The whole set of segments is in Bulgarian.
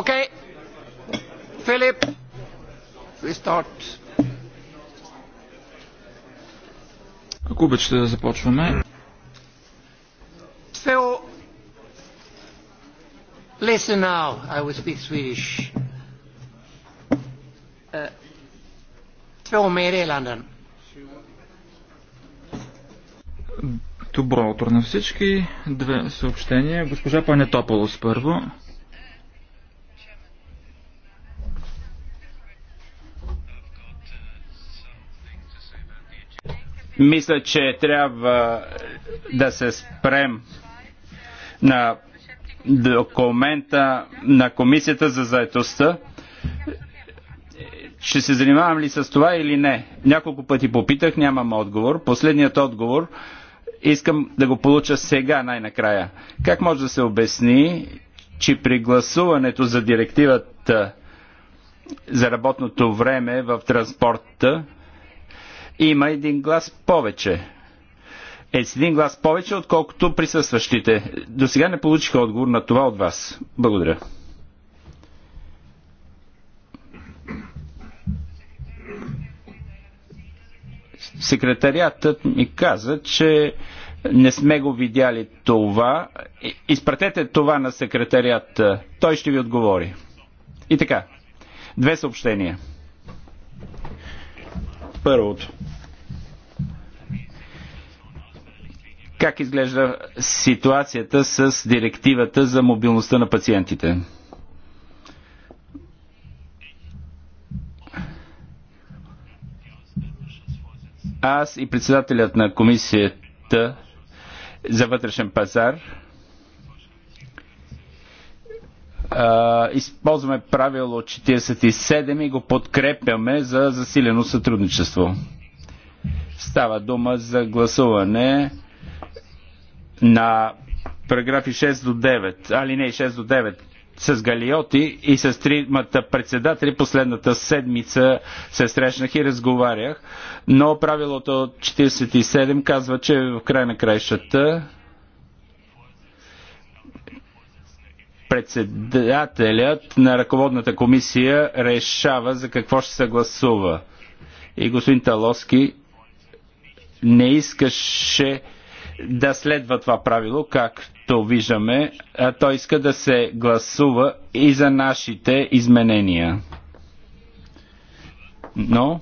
Okay. Philip, we start. Ако обичате да започваме. So, listen now. I will speak Swedish. Uh, två Лондон. Добро утро на всички. Две съобщения. Госпожа Панетополос първо. Мисля, че трябва да се спрем на документа на Комисията за заедостта. Ще се занимавам ли с това или не? Няколко пъти попитах, нямам отговор. Последният отговор искам да го получа сега, най-накрая. Как може да се обясни, че при гласуването за директивата за работното време в транспорта има един глас повече. Е, с един глас повече, отколкото присъстващите. До сега не получиха отговор на това от вас. Благодаря. Секретариатът ми каза, че не сме го видяли това. Изпратете това на секретарията. Той ще ви отговори. И така. Две съобщения първото. Как изглежда ситуацията с директивата за мобилността на пациентите? Аз и председателят на комисията за вътрешен пазар използваме правило 47 и го подкрепяме за засилено сътрудничество. Става дума за гласуване на параграфи 6 до 9, али не 6 до 9, с Галиоти и с тримата председатели последната седмица се срещнах и разговарях, но правилото 47 казва, че в край на краищата председателят на ръководната комисия решава за какво ще се гласува. И господин Талоски не искаше да следва това правило, както виждаме, а той иска да се гласува и за нашите изменения. Но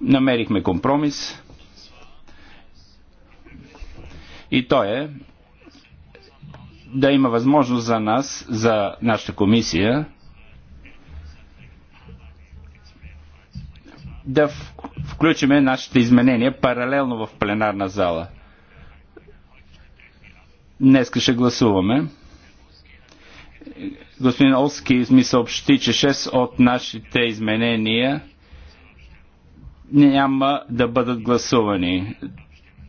намерихме компромис и то е да има възможност за нас, за нашата комисия, да включиме нашите изменения паралелно в пленарна зала. Днес ще гласуваме. Господин Олски ми съобщи, че 6 от нашите изменения няма да бъдат гласувани.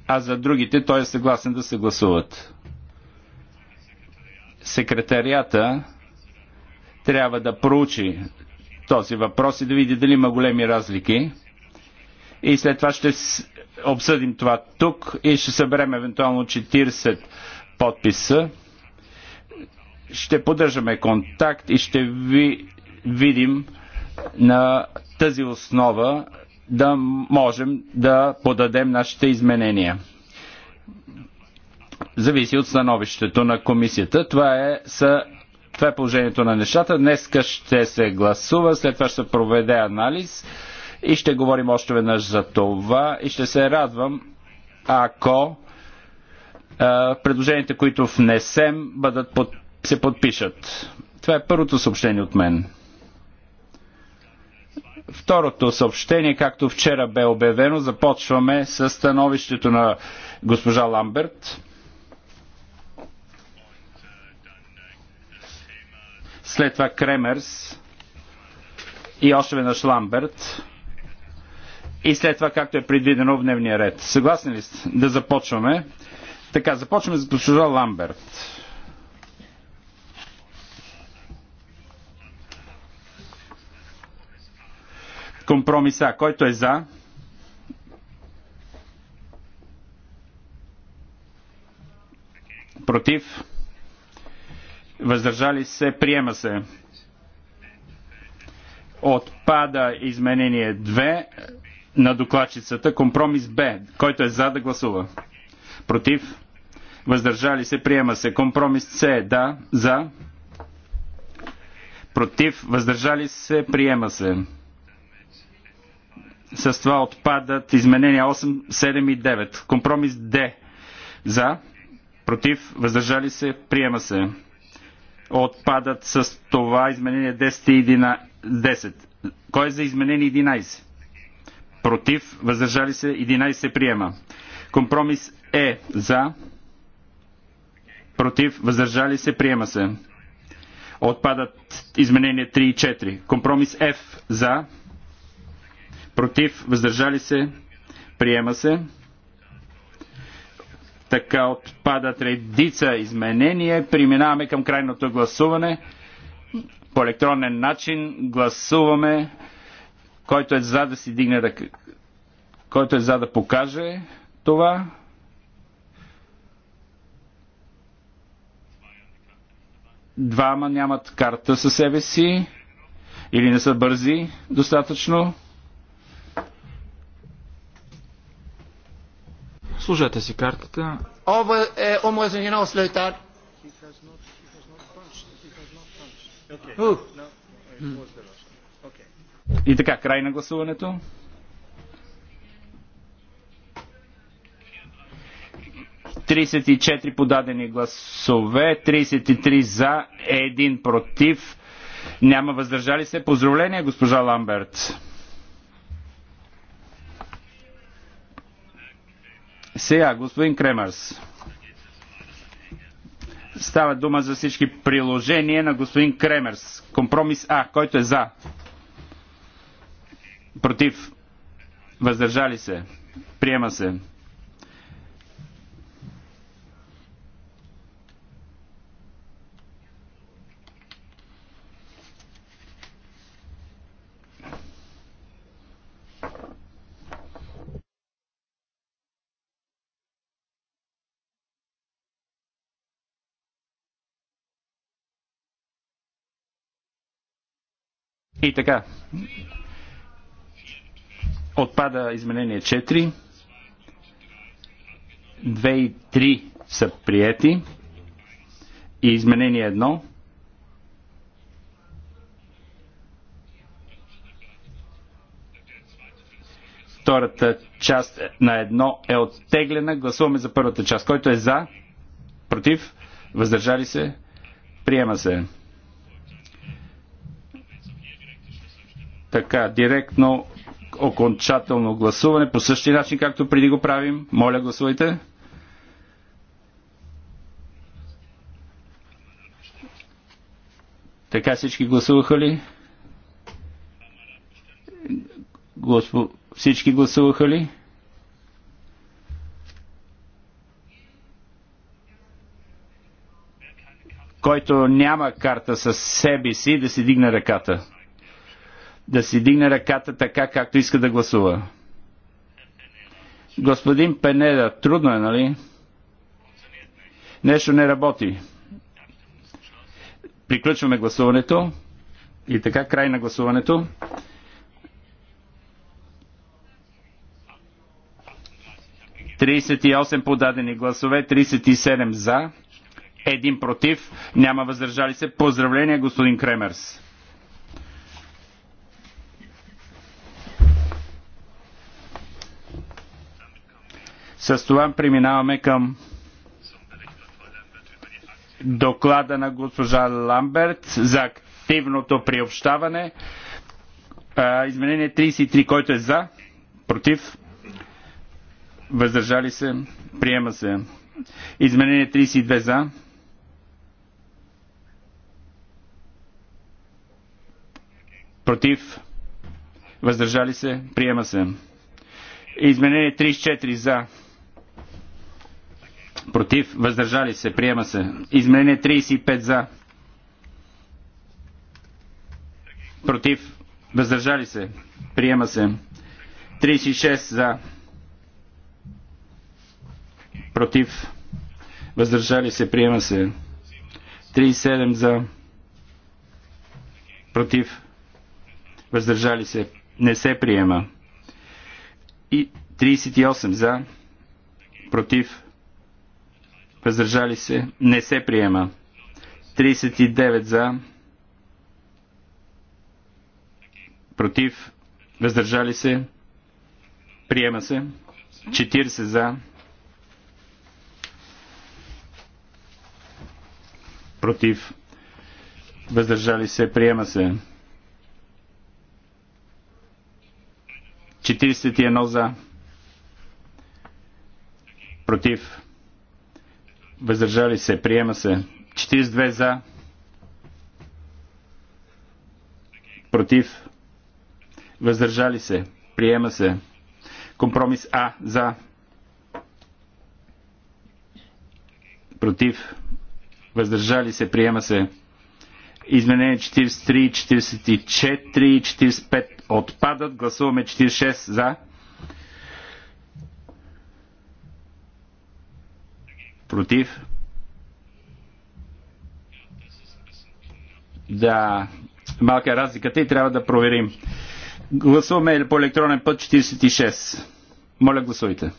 А за другите той е съгласен да се гласуват секретарията трябва да проучи този въпрос и да види дали има големи разлики. И след това ще обсъдим това тук и ще съберем евентуално 40 подписа. Ще поддържаме контакт и ще ви видим на тази основа да можем да подадем нашите изменения зависи от становището на комисията. Това е, са, това е положението на нещата. Днеска ще се гласува, след това ще се проведе анализ и ще говорим още веднъж за това и ще се радвам, ако а, предложенията, които внесем, бъдат под, се подпишат. Това е първото съобщение от мен. Второто съобщение, както вчера бе обявено, започваме с становището на госпожа Ламберт. след това Кремерс и още веднъж Ламберт и след това както е предвидено в дневния ред. Съгласни ли сте да започваме? Така, започваме с госпожа Ламберт. Компромиса. Който е за? Против? въздържали се, приема се. Отпада изменение 2 на докладчицата, компромис Б, който е за да гласува. Против, въздържали се, приема се. Компромис С, да, за. Против, въздържали се, приема се. С това отпадат изменения 8, 7 и 9. Компромис Д. За. Против. Въздържали се. Приема се отпадат с това изменение 10 и 10. Кой е за изменение 11? Против, въздържали се, 11 се приема. Компромис е за, против, въздържали се, приема се. Отпадат изменения 3 и 4. Компромис F за, против, въздържали се, приема се. Така отпадат редица изменения. Преминаваме към крайното гласуване. По електронен начин гласуваме. Който е за да си дигне да... Който е за да покаже това. Двама нямат карта със себе си или не са бързи достатъчно. Служете си картата. Omröstningen avslutad. Е и така, край на гласуването. Тридесет и четири подадени гласове, 33 за, един против, няма въздържали се. Поздравление, госпожа Ламберт. Сега, господин Кремърс. Става дума за всички приложения на господин Кремерс. Компромис А, който е за. Против. Въздържали се. Приема се. И така. Отпада изменение 4. 2 и 3 са приети. И изменение 1. Втората част на едно е оттеглена. Гласуваме за първата част. Който е за, против, въздържали се, приема се. Така, директно окончателно гласуване по същия начин, както преди го правим. Моля, гласувайте. Така всички гласуваха ли? Госпо... Всички гласуваха ли? Който няма карта със себе си, да си дигне ръката да си дигне ръката така, както иска да гласува. Господин Пенеда, трудно е, нали? Нещо не работи. Приключваме гласуването. И така, край на гласуването. 38 подадени гласове, 37 за, 1 против, няма въздържали се. Поздравления, господин Кремерс. С това преминаваме към доклада на госпожа Ламберт за активното приобщаване. Изменение 33, който е за, против, въздържали се, приема се. Изменение 32 за. Против. Въздържали се. Приема се. Изменение 34 за против, въздържали се, приема се. Изменение 35 за, против, въздържали се, приема се. 36 за, против, въздържали се, приема се. 37 за, против, въздържали се, не се приема. И 38 за, против, въздържали се, не се приема. 39 за, против, въздържали се, приема се. 40 за, против, въздържали се, приема се. 41 за, против, въздържали се, приема се. 42 за, против, въздържали се, приема се. Компромис А за, против, въздържали се, приема се. Изменение 43, 44 и 45 отпадат. Гласуваме 46 за против. Да, малка е разликата и трябва да проверим. Гласуваме по електронен път 46. Моля, гласуйте.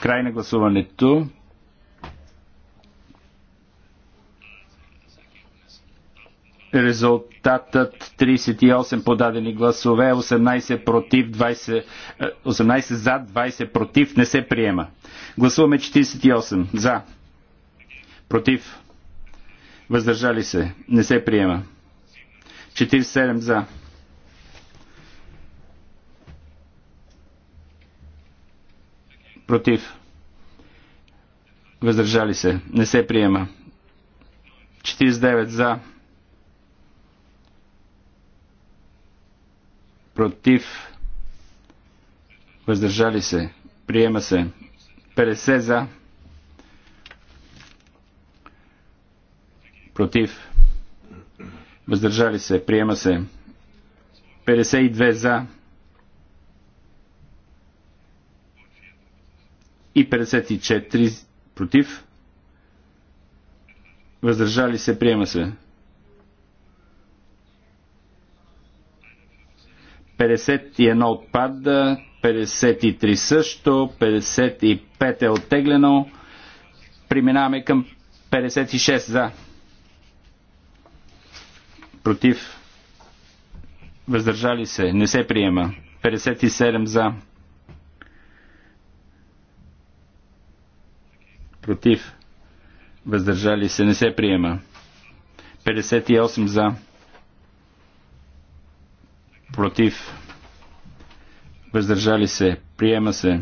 Край на гласуването. Резултатът 38 подадени гласове, 18 против, 20, 18 е, за, 20 против не се приема. Гласуваме 48 за, против, въздържали се, не се приема. 47 за. Против. Въздържали се. Не се приема. 49 за. против, въздържали се, приема се 50 за, против, въздържали се, приема се 52 за и 54 против, въздържали се, приема се 51 отпада, 53 също, 55 е оттеглено. Преминаваме към 56 за. Против. Въздържали се. Не се приема. 57 за. Против. Въздържали се. Не се приема. 58 за против, въздържали се, приема се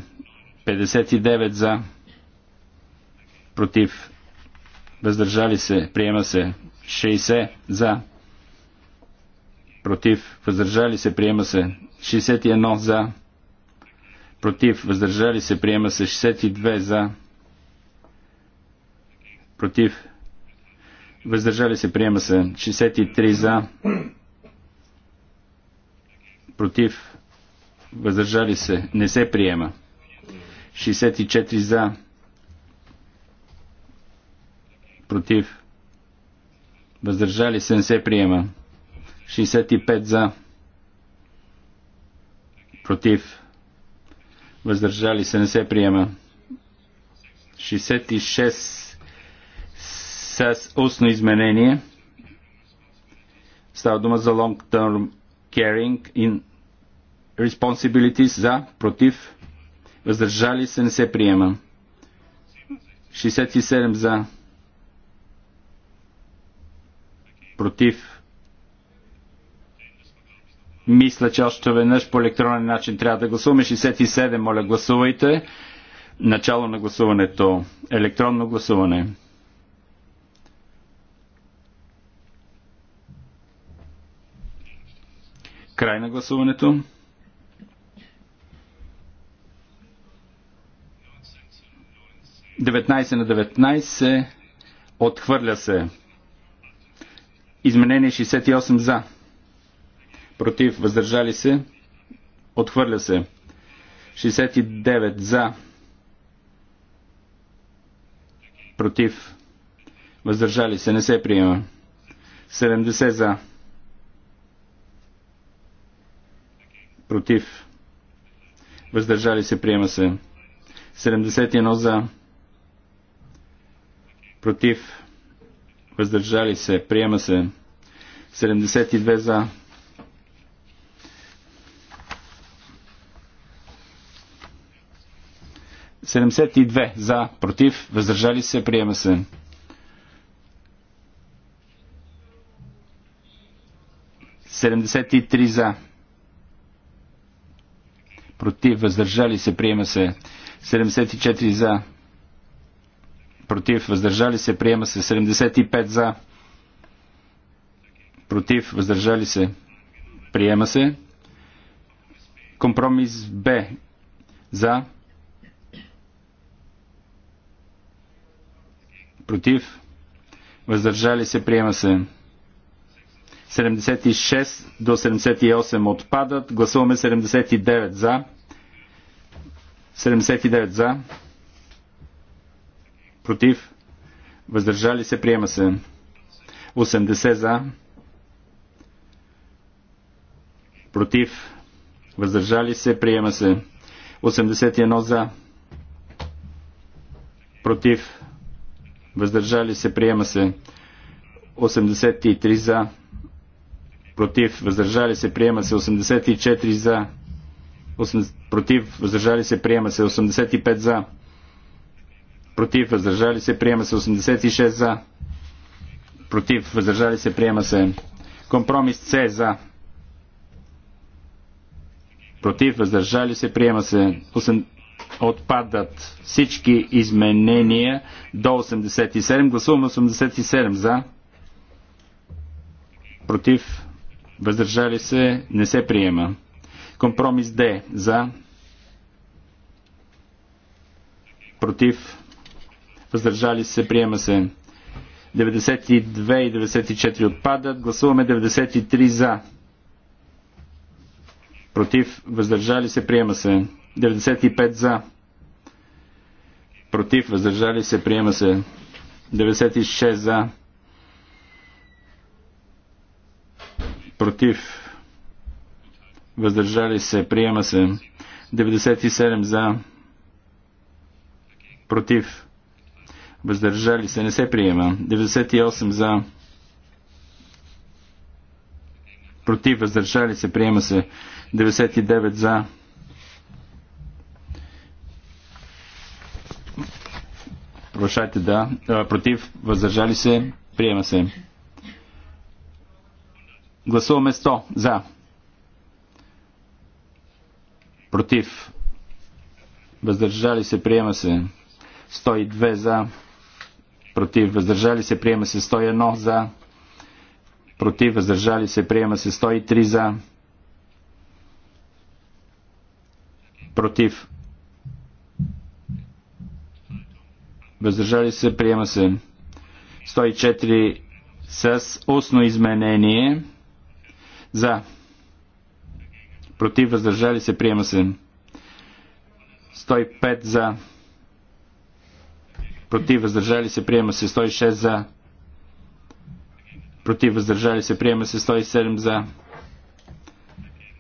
59 за, против, въздържали се, приема се 60 за, против, въздържали се, приема се 61 за, против, въздържали се, приема се 62 за, против, въздържали се, приема се 63 за, против, въздържали се, не се приема. 64 за, против, въздържали се, не се приема. 65 за, против, въздържали се, не се приема. 66 с устно изменение. Става дума за long term caring in responsibilities за, против, въздържали се не се приема. 67 за, против. Мисля, че още веднъж по електронен начин трябва да гласуваме. 67, моля, гласувайте. Начало на гласуването. Електронно гласуване. Край на гласуването. 19 на 19 отхвърля се. Изменение 68 за. Против, въздържали се. Отхвърля се. 69 за. Против. Въздържали се. Не се приема. 70 за. Против. Въздържали се. Приема се. 71 за против, въздържали се, приема се 72 за. Седемдесет и две за, против, въздържали се, приема се. Седемдесет и три за. Против, въздържали се, приема се. Седемдесет и четири за против, въздържали се, приема се 75 за, против, въздържали се, приема се. Компромис Б за, против, въздържали се, приема се. 76 до 78 отпадат. Гласуваме 79 за. 79 за против, въздържали се, приема се. 80 за, против, въздържали се, приема се. 81 за, против, въздържали се, приема се. 83 за, против, въздържали се, приема се. 84 за, 8, против, въздържали се, приема се. 85 за, против, въздържали се, приема се 86 за, против, въздържали се, приема се компромис С за, против, въздържали се, приема се 8... отпадат всички изменения до 87, гласуваме 87 за, против, въздържали се, не се приема. Компромис Д за, против, въздържали се, приема се. 92 и 94 отпадат. Гласуваме 93 за. Против, въздържали се, приема се. 95 за. Против, въздържали се, приема се. 96 за. Против, въздържали се, приема се. 97 за. Против, въздържали се, не се приема. 98 за, против, въздържали се, приема се. 99 за, Прошайте да, против, въздържали се, приема се. Гласуваме 100 за. Против. Въздържали се, приема се. 102 за против въздържали се приема се 101 за, против въздържали се приема се 103 за, против въздържали се приема се 104 с устно изменение за против въздържали се приема се 105 за Против въздържали се приема се 106 за. Против въздържали се приема се 107 за.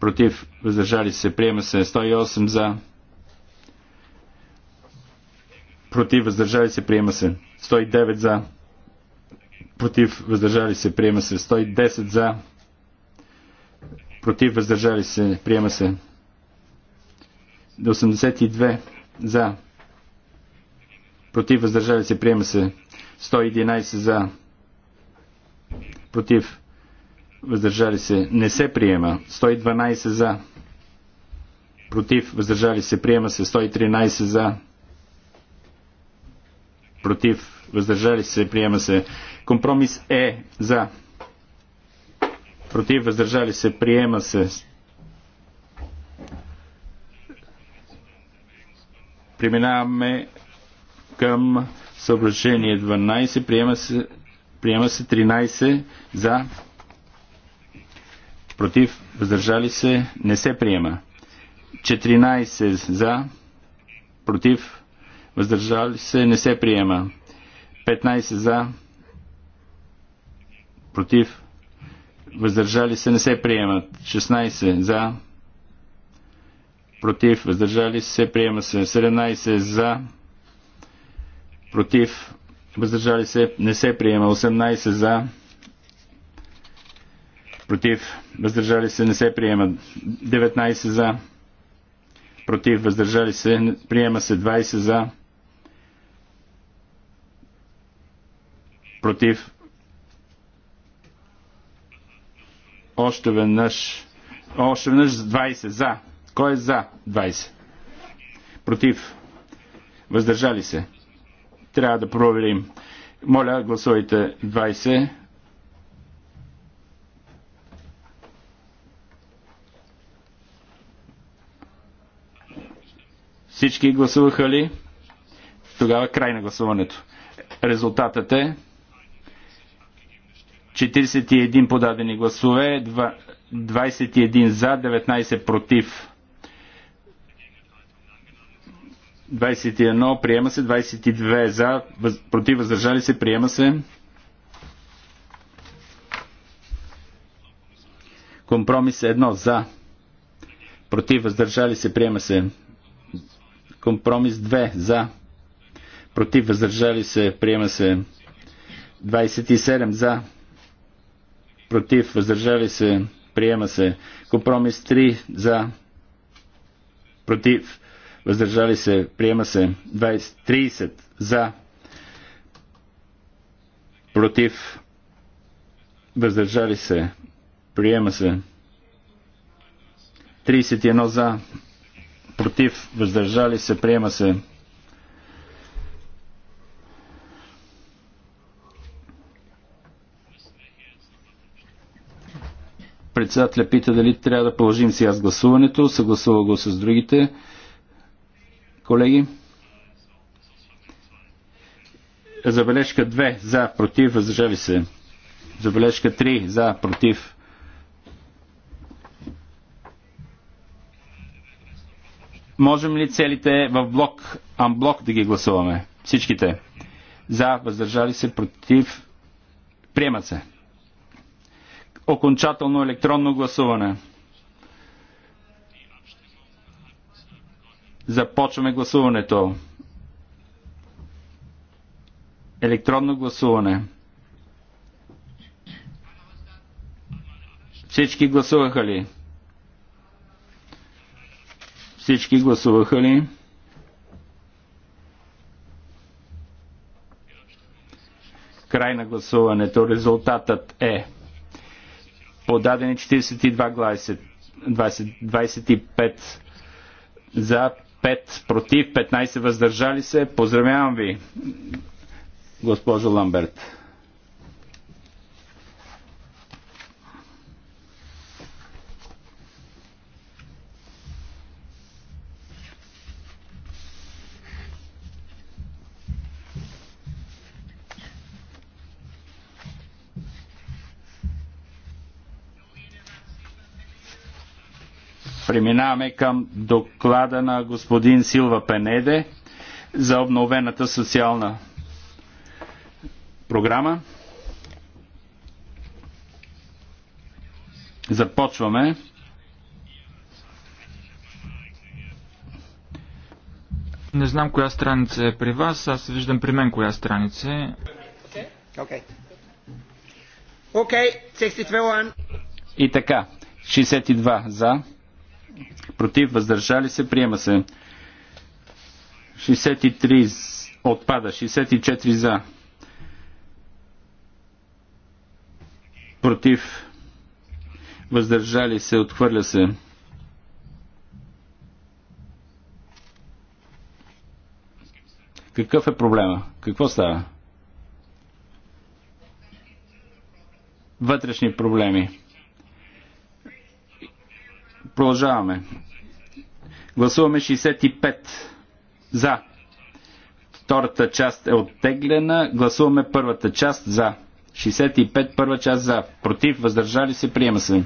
Против въздържали се приема се 108 за. Против въздържали се приема се 109 за. Против въздържали се приема се 110 за. Против въздържали се приема се 82 за против, въздържали се, приема се. 111 за, против, въздържали се, не се приема. 112 за, против, въздържали се, приема се. 113 за, против, въздържали се, приема се. Компромис е за, против, въздържали се, приема се. Преминаваме към съображение 12. Приема се, приема се 13 за. Против. Въздържали се. Не се приема. 14 за. Против. Въздържали се. Не се приема. 15 за. Против. Въздържали се. Не се приемат. 16 за. Против. Въздържали се. Приема се. 17 за против, въздържали се, не се приема. 18 за, против, въздържали се, не се приема. 19 за, против, въздържали се, приема се 20 за, против. Още веднъж, още веднъж 20 за. Кой е за 20? Против. Въздържали се трябва да проверим. Моля, гласувайте 20. Всички гласуваха ли? Тогава край на гласуването. Резултатът е 41 подадени гласове, 21 за, 19 против. 21 приема се, 22 за, въз, против въздържали се, приема се. Компромис 1 за, против въздържали се, приема се. Компромис 2 за, против въздържали се, приема се. 27 за, против въздържали се, приема се. Компромис 3 за, против въздържали се, приема се 20, 30 за, против, въздържали се, приема се 31 за, против, въздържали се, приема се Председателя пита дали трябва да положим сега с гласуването. Съгласува го с другите. Колеги, забележка 2 за, против, въздържали се. Забележка 3 за, против. Можем ли целите в блок, амблок да ги гласуваме? Всичките. За, въздържали се, против, приемат се. Окончателно електронно гласуване. Започваме гласуването. Електронно гласуване. Всички гласуваха ли? Всички гласуваха ли? Край на гласуването. Резултатът е подадени 42 гласа, 25 за, 5 против, 15 въздържали се. Поздравявам ви, госпожо Ламберт. Преминаваме към доклада на господин Силва Пенеде за обновената социална програма. Започваме. Не знам коя страница е при вас, аз виждам при мен коя страница е. Okay. Okay. И така, 62 за, против, въздържали се, приема се. 63 отпада, 64 за, против, въздържали се, отхвърля се. Какъв е проблема? Какво става? Вътрешни проблеми. Продължаваме. Гласуваме 65 за. Втората част е оттеглена. Гласуваме първата част за. 65 първа част за. Против, въздържали се, приема се.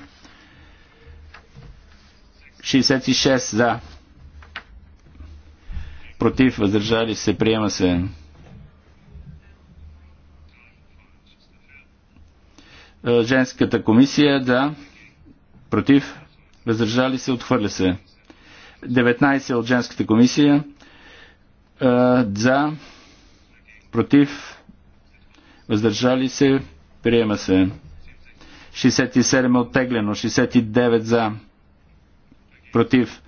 66 за. Против, въздържали се, приема се. Женската комисия, да. Против, въздържали се, отхвърля се. 19 от женската комисия за, против, въздържали се, приема се. 67 е оттеглено, 69 за, против,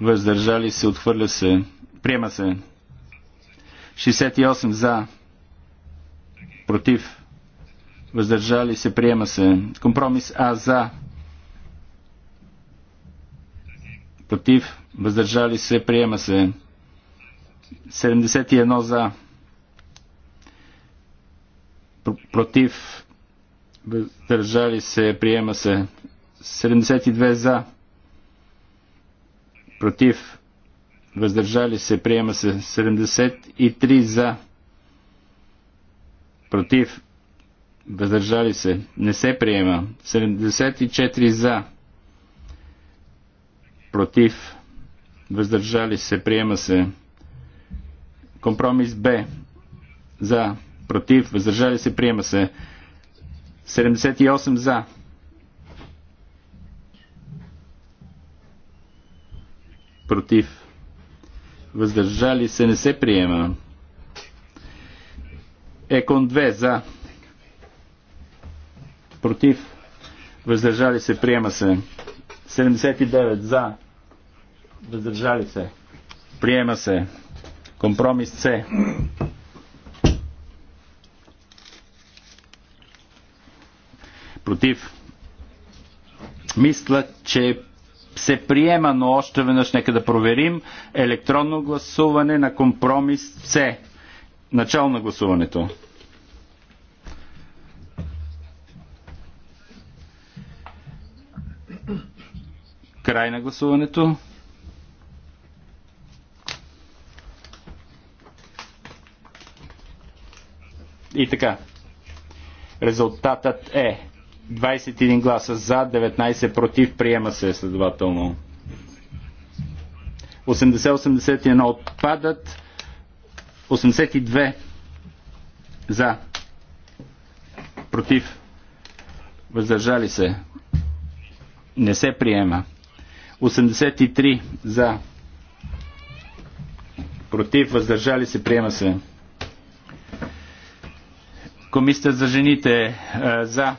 въздържали се, отхвърля се, приема се. 68 за, против, въздържали се, приема се. Компромис А за, против, въздържали се, приема се. 71 за, против, въздържали се, приема се. 72 за, против, въздържали се, приема се. 73 за, против, въздържали се, не се приема. 74 за, против, въздържали се, приема се. Компромис Б за, против, въздържали се, приема се. 78 за. Против. Въздържали се не се приема. Екон 2 за. Против. Въздържали се приема се. 79 за. Въздържали се. Приема се. Компромис С. Против. Мисля, че се приема, но още веднъж нека да проверим електронно гласуване на компромис С. Начало на гласуването. Край на гласуването. И така. Резултатът е 21 гласа за, 19 против, приема се следователно. 80-81 отпадат, 82 за, против, въздържали се, не се приема. 83 за, против, въздържали се, приема се. Комисията за жените е, за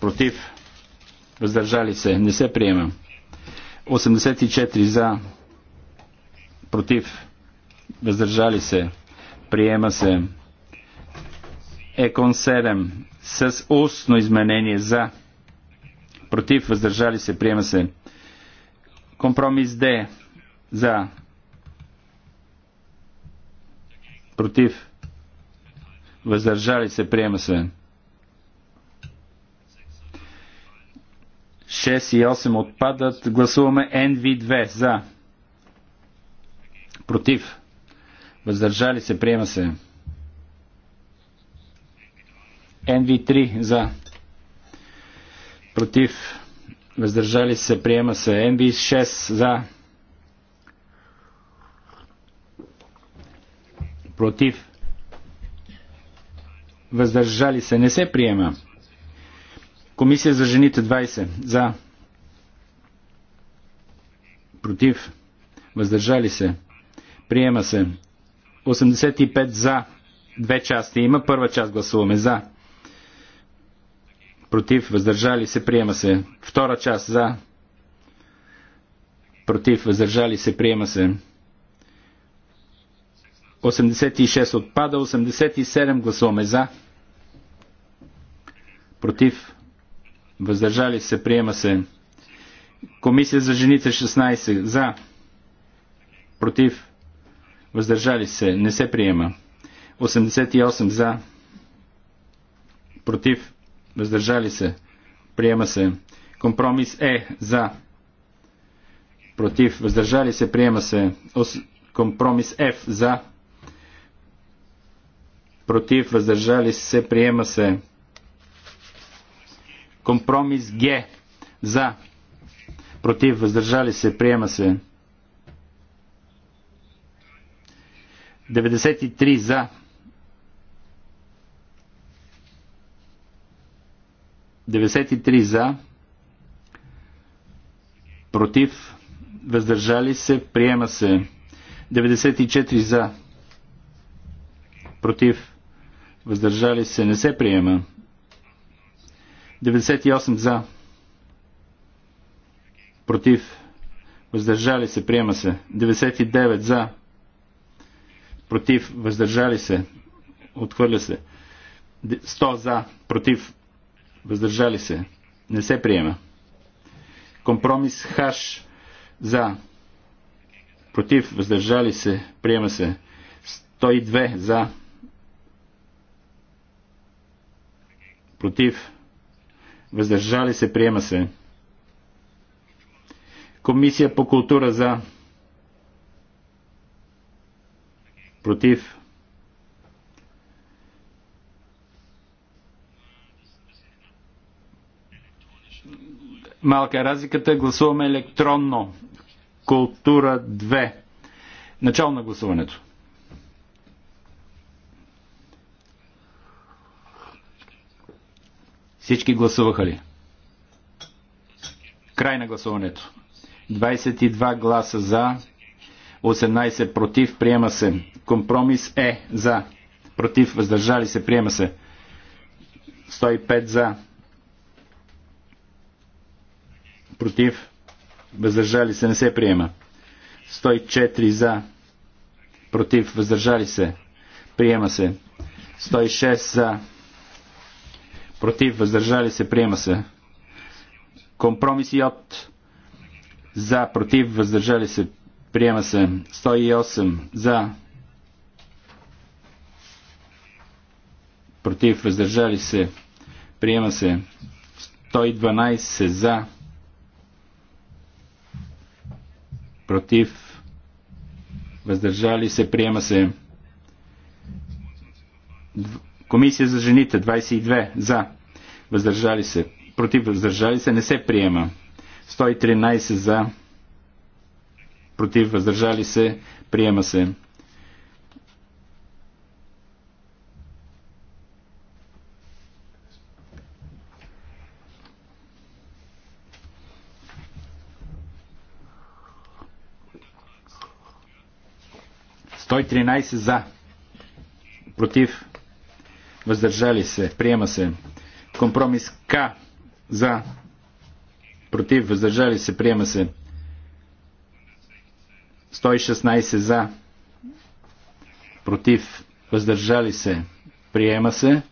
против въздържали се не се приема 84 за против въздържали се приема се Екон 7 с устно изменение за против въздържали се приема се компромис Д за против въздържали се, приема се. 6 и 8 отпадат. Гласуваме NV2 за. Против. Въздържали се, приема се. NV3 за. Против. Въздържали се, приема се. NV6 за. Против въздържали се, не се приема. Комисия за жените 20 за против, въздържали се, приема се. 85 за, две части има, първа част гласуваме за, против, въздържали се, приема се. Втора част за, против, въздържали се, приема се. 86 отпада, 87 гласуваме за. Против. Въздържали се, приема се. Комисия за жените 16 за. Против. Въздържали се, не се приема. 88 за. Против. Въздържали се. Приема се. Компромис е за. Против. Въздържали се. Приема се. Компромис F за против, въздържали се, приема се. Компромис Г. За. Против, въздържали се, приема се. 93 за. 93 за. Против, въздържали се, приема се. 94 за. Против, въздържали се, не се приема. 98 за, против, въздържали се, приема се. 99 за, против, въздържали се, отхвърля се. 100 за, против, въздържали се, не се приема. Компромис хаш за, против, въздържали се, приема се. 102 за, против, въздържали се, приема се. Комисия по култура за, против, малка е разликата, гласуваме електронно. Култура 2. Начало на гласуването. Всички гласуваха ли? Край на гласуването. 22 гласа за, 18 против, приема се. Компромис е за, против, въздържали се, приема се. 105 за, против, въздържали се, не се приема. 104 за, против, въздържали се, приема се. 106 за, против, въздържали се, приема се. Компромис Йот от за, против, въздържали се, приема се. 108 за, против, въздържали се, приема се. 112 за, против, въздържали се, приема се. Комисия за жените 22 за. Въздържали се. Против въздържали се не се приема. 113 за. Против въздържали се. Приема се. Той 13 за. Против въздържали се, приема се. Компромис К за, против, въздържали се, приема се. 116 за, против, въздържали се, приема се.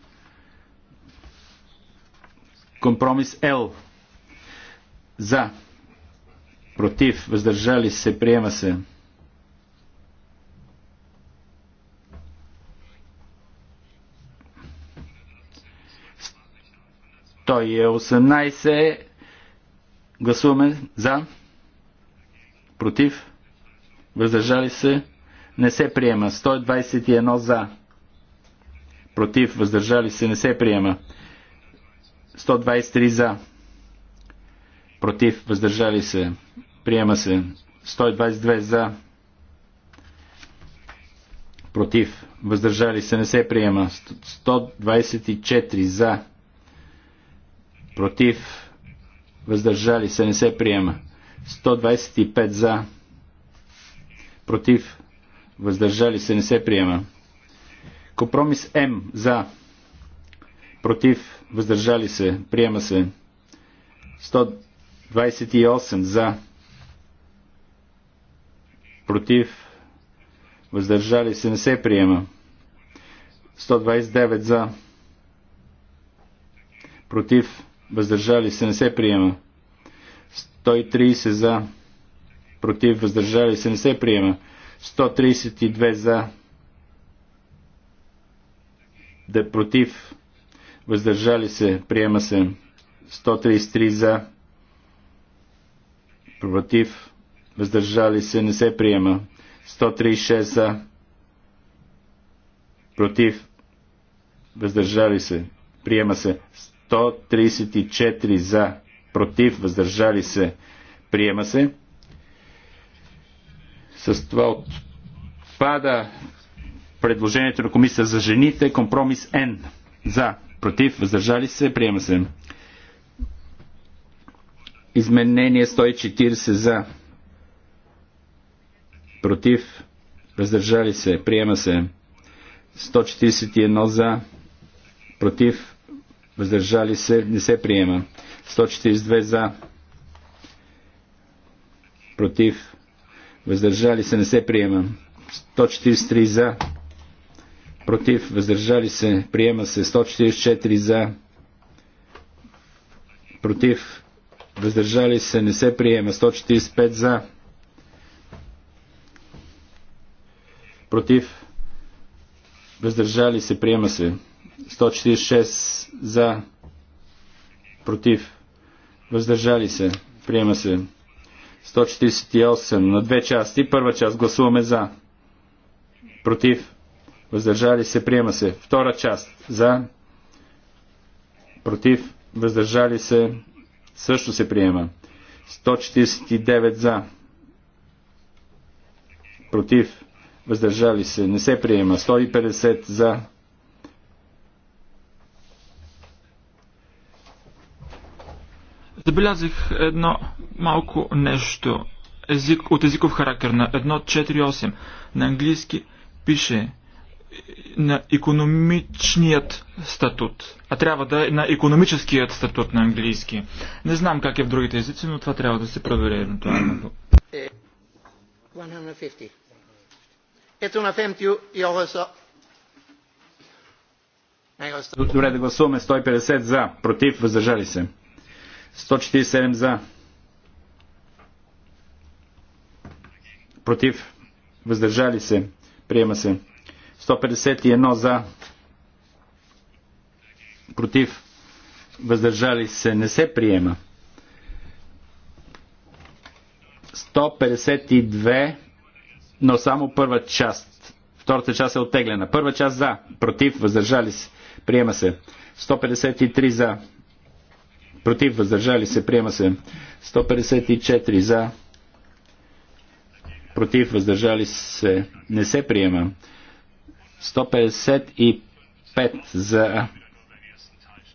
Компромис Л за, против, въздържали се, приема се. 18. Е Гласуваме за. Против. Въздържали се. Не се приема. 121 за. Против. Въздържали се. Не се приема. 123 за. Против. Въздържали се. Приема се. 122 за. Против. Въздържали се. Не се приема. 124 за против, въздържали се, не се приема. 125 за, против, въздържали се, не се приема. Компромис М за, против, въздържали се, приема се. 128 за, против, въздържали се, не се приема. 129 за, против, въздържали се не се приема. 130 за, против, въздържали се не се приема. 132 за, да против, въздържали се, приема се. 133 за, против, въздържали се, не се приема. 136 за, против, въздържали се, приема се. 134 за, против, въздържали се, приема се. С това отпада предложението на комисията за жените, компромис Н. За, против, въздържали се, приема се. Изменение 140 за, против, въздържали се, приема се. 141 за, против, въздържали се, не се приема. 142 за, против, въздържали се, не се приема. 143 за, против, въздържали се, приема се. 144 за, против, въздържали се, не се приема. 145 за, против, въздържали се, приема се. 146 за, против, въздържали се, приема се. 148 на две части. Първа част гласуваме за, против, въздържали се, приема се. Втора част за, против, въздържали се, също се приема. 149 за, против, въздържали се, не се приема. 150 за, Забелязах едно малко нещо език, от езиков характер на 1.4.8. На английски пише на економичният статут, а трябва да е на економическият статут на английски. Не знам как е в другите езици, но това трябва да се провери евентуално. 150. 150 я гласа. Добре да гласуваме 150 за, против, въздържали се. 147 за. Против. Въздържали се. Приема се. 151 за. Против. Въздържали се. Не се приема. 152, но само първа част. Втората част е оттеглена. Първа част за. Против. Въздържали се. Приема се. 153 за против, въздържали се, приема се. 154 за, против, въздържали се, не се приема. 155 за.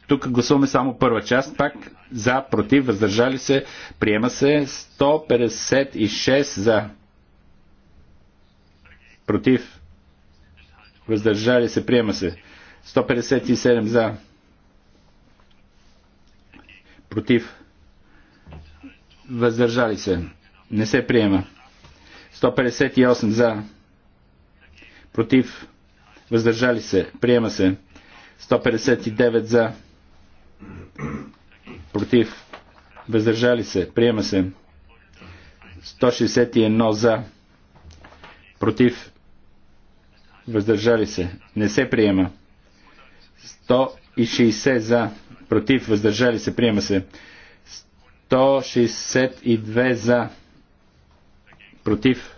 Тук гласуваме само първа част, пак за, против, въздържали се, приема се 156 за. Против, въздържали се, приема се. 157 за против, въздържали се, не се приема. 158 за, против, въздържали се, приема се. 159 за, против, въздържали се, приема се. 161 за, против, въздържали се, не се приема. 160 за, против, въздържали се, приема се. 162 за, против,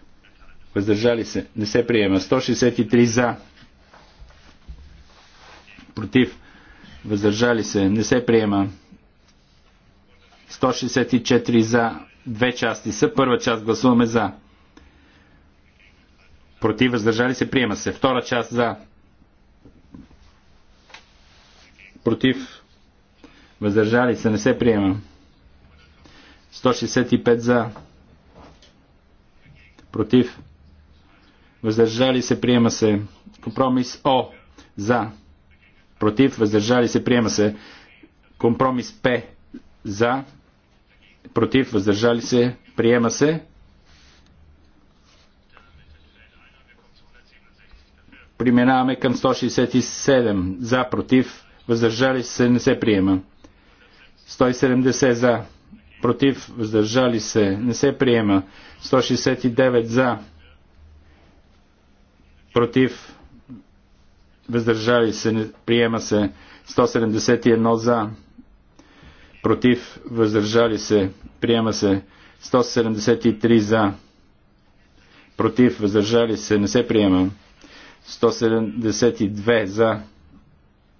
въздържали се, не се приема. 163 за, против, въздържали се, не се приема. 164 за, две части са. Първа част гласуваме за. Против, въздържали се, приема се. Втора част за. Против, Въздържали се. Не се приема. 165 за. Против. Въздържали се. Приема се. Компромис О. За. Против. Въздържали се. Приема се. Компромис П. За. Против. Въздържали се. Приема се. Приминаваме към 167. За, против, въздържали се, не се приема. 170 за, против, въздържали се, не се приема. 169 за, против, въздържали се, не приема се. 171 за, против, въздържали се, приема се. 173 за, против, въздържали се, не се приема. 172 за,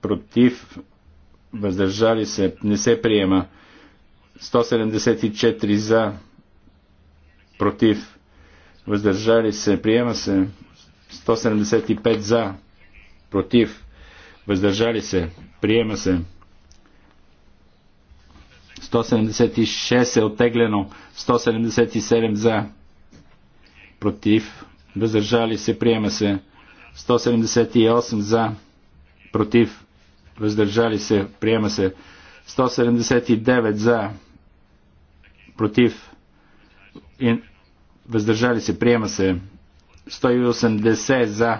против, въздържали се, не се приема. 174 за, против, въздържали се, приема се. 175 за, против, въздържали се, приема се. 176 е отеглено. 177 за, против, въздържали се, приема се. 178 за, против, въздържали се, приема се 179 за, против, и, въздържали се, приема се 180 за,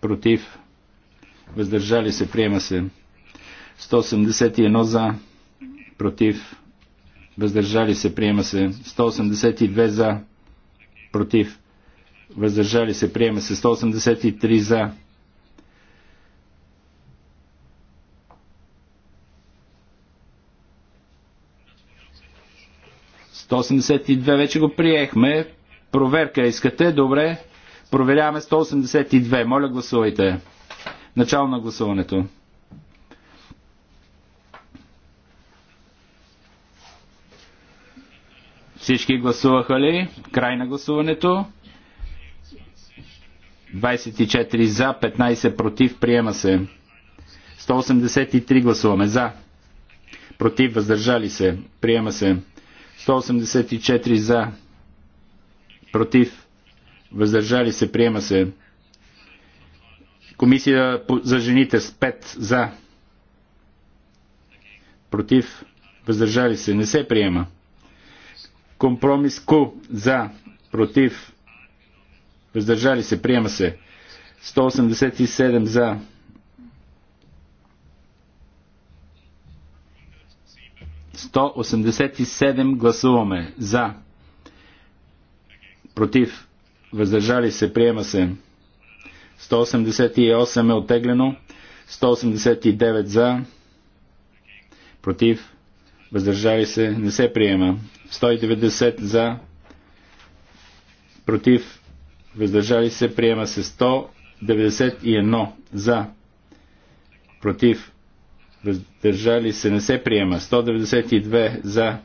против, въздържали се, приема се 181 за, против, въздържали се, приема се 182 за, против, въздържали се, приема се 183 за, 182 вече го приехме. Проверка искате? Добре. Проверяваме 182. Моля гласувайте. Начало на гласуването. Всички гласуваха ли? Край на гласуването. 24 за, 15 против, приема се. 183 гласуваме за. Против, въздържали се, приема се. 184 за, против, въздържали се, приема се. Комисия за жените с 5 за, против, въздържали се, не се приема. Компромис Ку за, против, въздържали се, приема се. 187 за, 187 гласуваме за. Против. Въздържали се. Приема се. 188 е отеглено. 189 за. Против. Въздържали се. Не се приема. 190 за. Против. Въздържали се. Приема се. 191 за. Против въздържали се, не се приема. 192 за,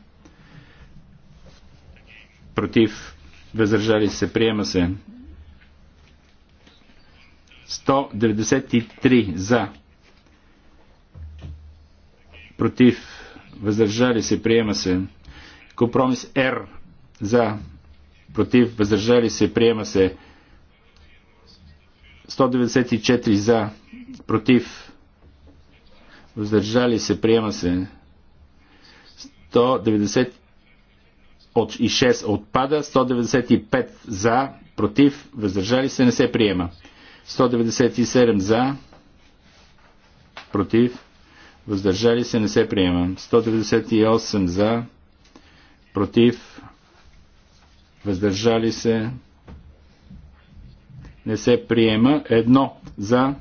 против, въздържали се, приема се. 193 за, против, въздържали се, приема се. Компромис Р за, против, въздържали се, приема се. 194 за, против, въздържали се, приема се 196 отпада, 195 за, против, въздържали се, не се приема. 197 за, против, въздържали се, не се приема. 198 за, против, въздържали се, не се приема. Едно за,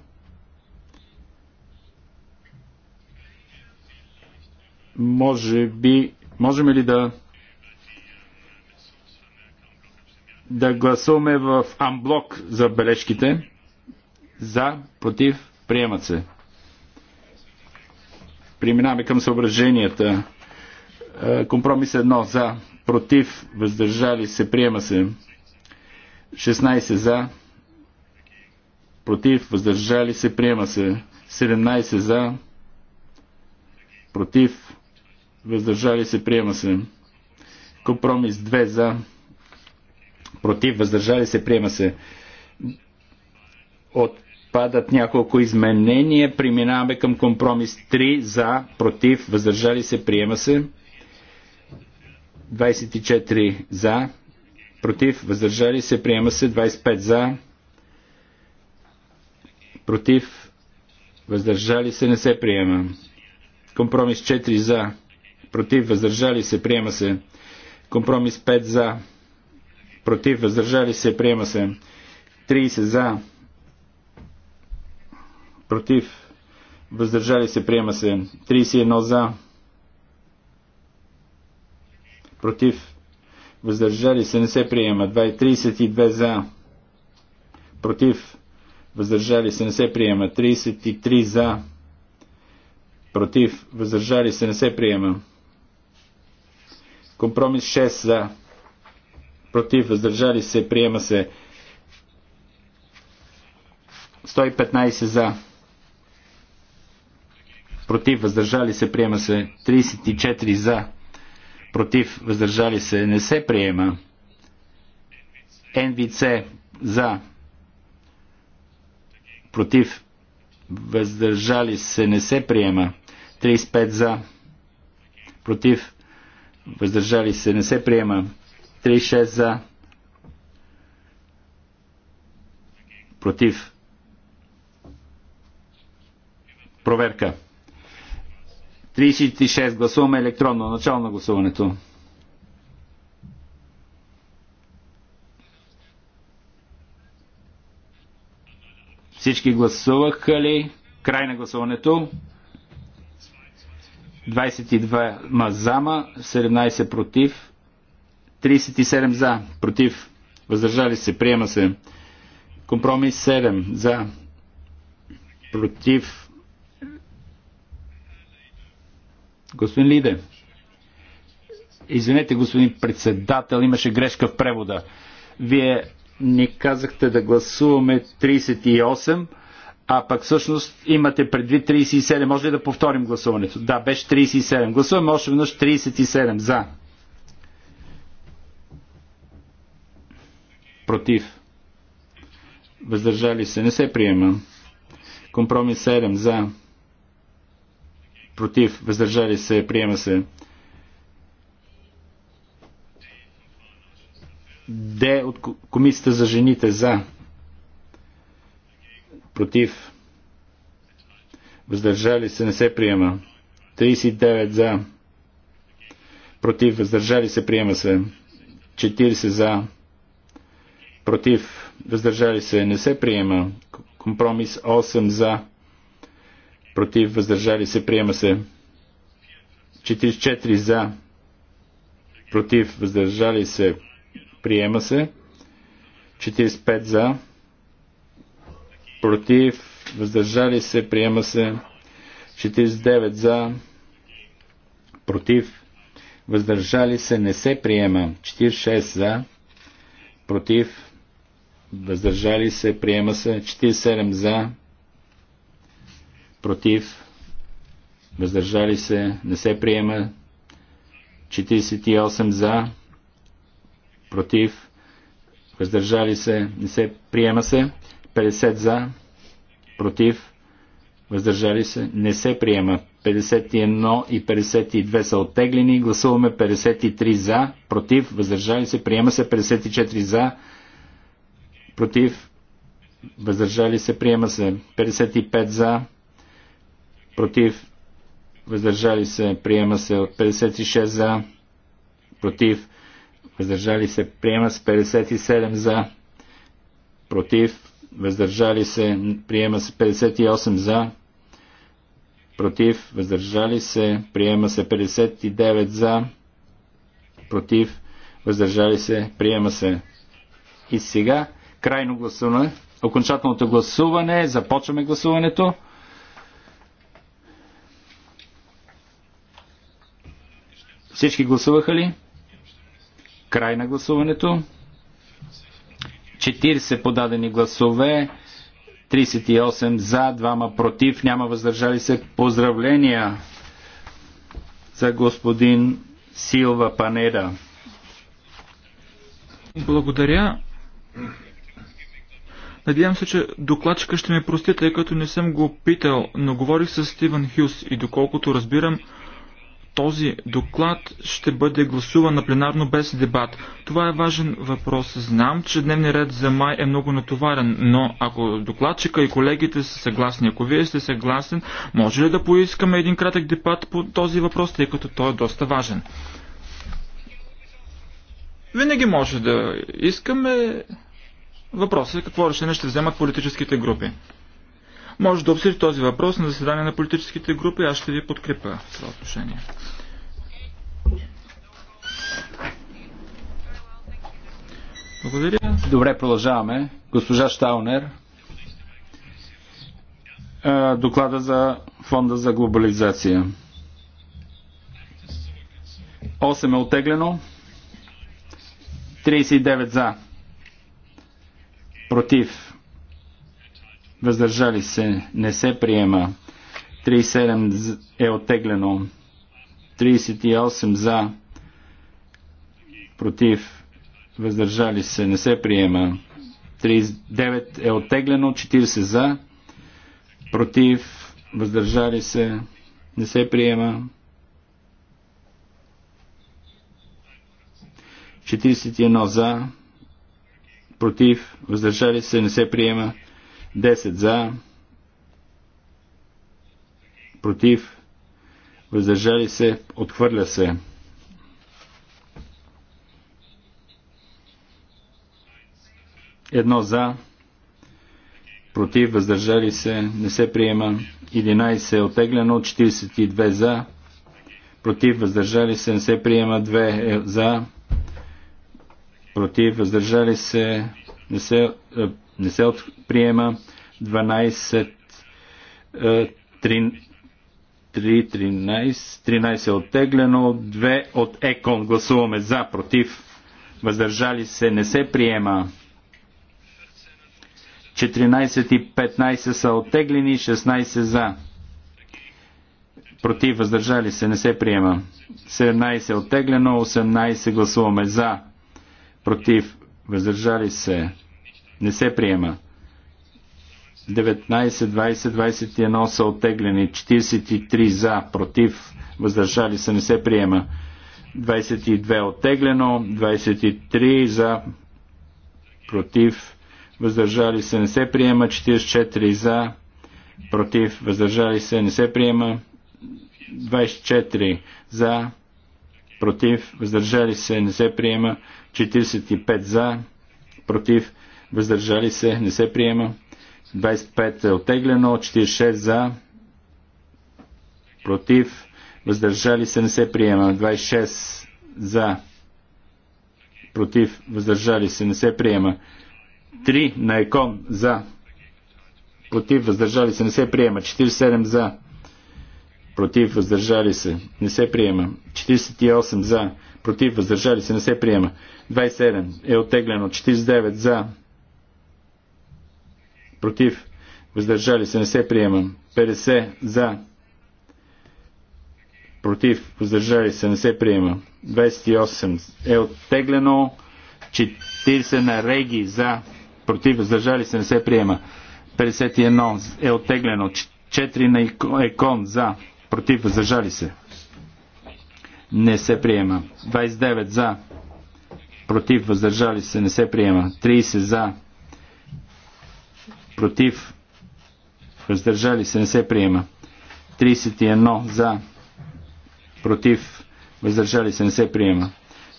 Може би, можем ли да да гласуваме в амблок за бележките? За, против, приемат се. Преминаваме към съображенията. Е, компромис 1 за, против, въздържали се, приема се. 16 за, против, въздържали се, приема се. 17 за, против, въздържали се, приема се. Компромис 2 за, против, въздържали се, приема се. Отпадат няколко изменения, преминаваме към компромис 3 за, против, въздържали се, приема се. 24 за, против, въздържали се, приема се. 25 за, против, въздържали се, не се приема. Компромис 4 за, против, въздържали се, приема се. Компромис 5 за, против, въздържали се, приема се. 30 за, против, въздържали се, приема се. 31 за, против, въздържали се, не се приема. 32 за, против, въздържали се, не се приема. 33 за, против, въздържали се, не се приема. Компромис 6 за. Против. Въздържали се. Приема се. 115 за. Против. Въздържали се. Приема се. 34 за. Против. Въздържали се. Не се приема. НВЦ за. Против. Въздържали се. Не се приема. 35 за. Против въздържали се, не се приема. 36 за, против. Проверка. 36. Гласуваме електронно. Начало на гласуването. Всички гласуваха ли? Край на гласуването. 22 мазама, 17 против, 37 за, против, въздържали се, приема се. Компромис 7 за, против. Господин Лиде, извинете, господин председател, имаше грешка в превода. Вие ни казахте да гласуваме 38 а пък всъщност имате предвид 37. Може ли да повторим гласуването? Да, беше 37. Гласуваме още веднъж 37 за. Против. Въздържали се. Не се приема. Компромис 7 за. Против. Въздържали се. Приема се. Д от Комисията за жените за Против. Въздържали се не се приема. 39 за. Против. Въздържали се приема се. 40 за. Против. Въздържали се не се приема. Компромис 8 за. Против. Въздържали се приема се. 44 за. Против. Въздържали се приема се. 45 за против, въздържали се, приема се 49 за, против, въздържали се, не се приема 46 за, против, въздържали се, приема се 47 за, против, въздържали се, не се приема 48 за, против, въздържали се, не се приема се 50 за, против, въздържали се, не се приема. 51 и 52 са оттеглени. Гласуваме 53 за, против, въздържали се, приема се 54 за, против, въздържали се, приема се 55 за, против, въздържали се, приема се 56 за, против, въздържали се, приема се 57 за, против, въздържали се, приема се 58 за, против, въздържали се, приема се 59 за, против, въздържали се, приема се. И сега, крайно гласуване, окончателното гласуване, започваме гласуването. Всички гласуваха ли? Край на гласуването. 40 подадени гласове, 38 за, 2 против, няма въздържали се. Поздравления за господин Силва Панеда. Благодаря. Надявам се, че докладчика ще ме прости, тъй като не съм го питал, но говорих с Стивен Хюс и доколкото разбирам, този доклад ще бъде гласуван на пленарно без дебат. Това е важен въпрос. Знам, че дневният ред за май е много натоварен, но ако докладчика и колегите са съгласни, ако вие сте съгласен, може ли да поискаме един кратък дебат по този въпрос, тъй като той е доста важен? Винаги може да искаме. Въпросът какво решение ще вземат политическите групи. Може да обсъди този въпрос на заседание на политическите групи. Аз ще ви подкрепя това отношение. Благодаря. Добре, продължаваме. Госпожа Штаунер. Доклада за фонда за глобализация. 8 е отеглено. 39 за. Против въздържали се, не се приема. 37 е оттеглено. 38 за, против, въздържали се, не се приема. 39 е оттеглено, 40 за, против, въздържали се, не се приема. 41 за, против, въздържали се, не се приема. 10 за, против, въздържали се, отхвърля се. Едно за, против, въздържали се, не се приема. 11 е отеглено, 42 за, против, въздържали се, не се приема. 2 е за, против, въздържали се, не се е, не се приема. 12, 13, 13 е оттеглено, 2 от ЕКОН гласуваме за, против, въздържали се, не се приема. 14 и 15 са оттеглени, 16 за. Против, въздържали се, не се приема. 17 е оттеглено, 18 гласуваме за. Против, въздържали се, не се приема. 19, 20, 21 са оттеглени. 43 за, против, въздържали се, не се приема. 22 оттеглено, 23 за, против, въздържали се, не се приема. 44 за, против, въздържали се, не се приема. 24 за, против, въздържали се, не се приема. 45 за, против, въздържали се, не се приема. 25 е отеглено, 46 за, против, въздържали се, не се приема. 26 за, против, въздържали се, не се приема. 3 на Екон за, против, въздържали се, не се приема. 47 за, против, въздържали се, не се приема. 48 за, против, въздържали се, не се приема. 27 е отеглено, 49 за, против, въздържали се, не се приема. 50 за, против, въздържали се, не се приема. 28 е оттеглено, 40 на Реги за, против, въздържали се, не се приема. 51 е оттеглено, 4 на Екон за, против, въздържали се. Не се приема. 29 за, против, въздържали се, не се приема. 30 за, против, въздържали се, не се приема. 31 за, против, въздържали се, не се приема.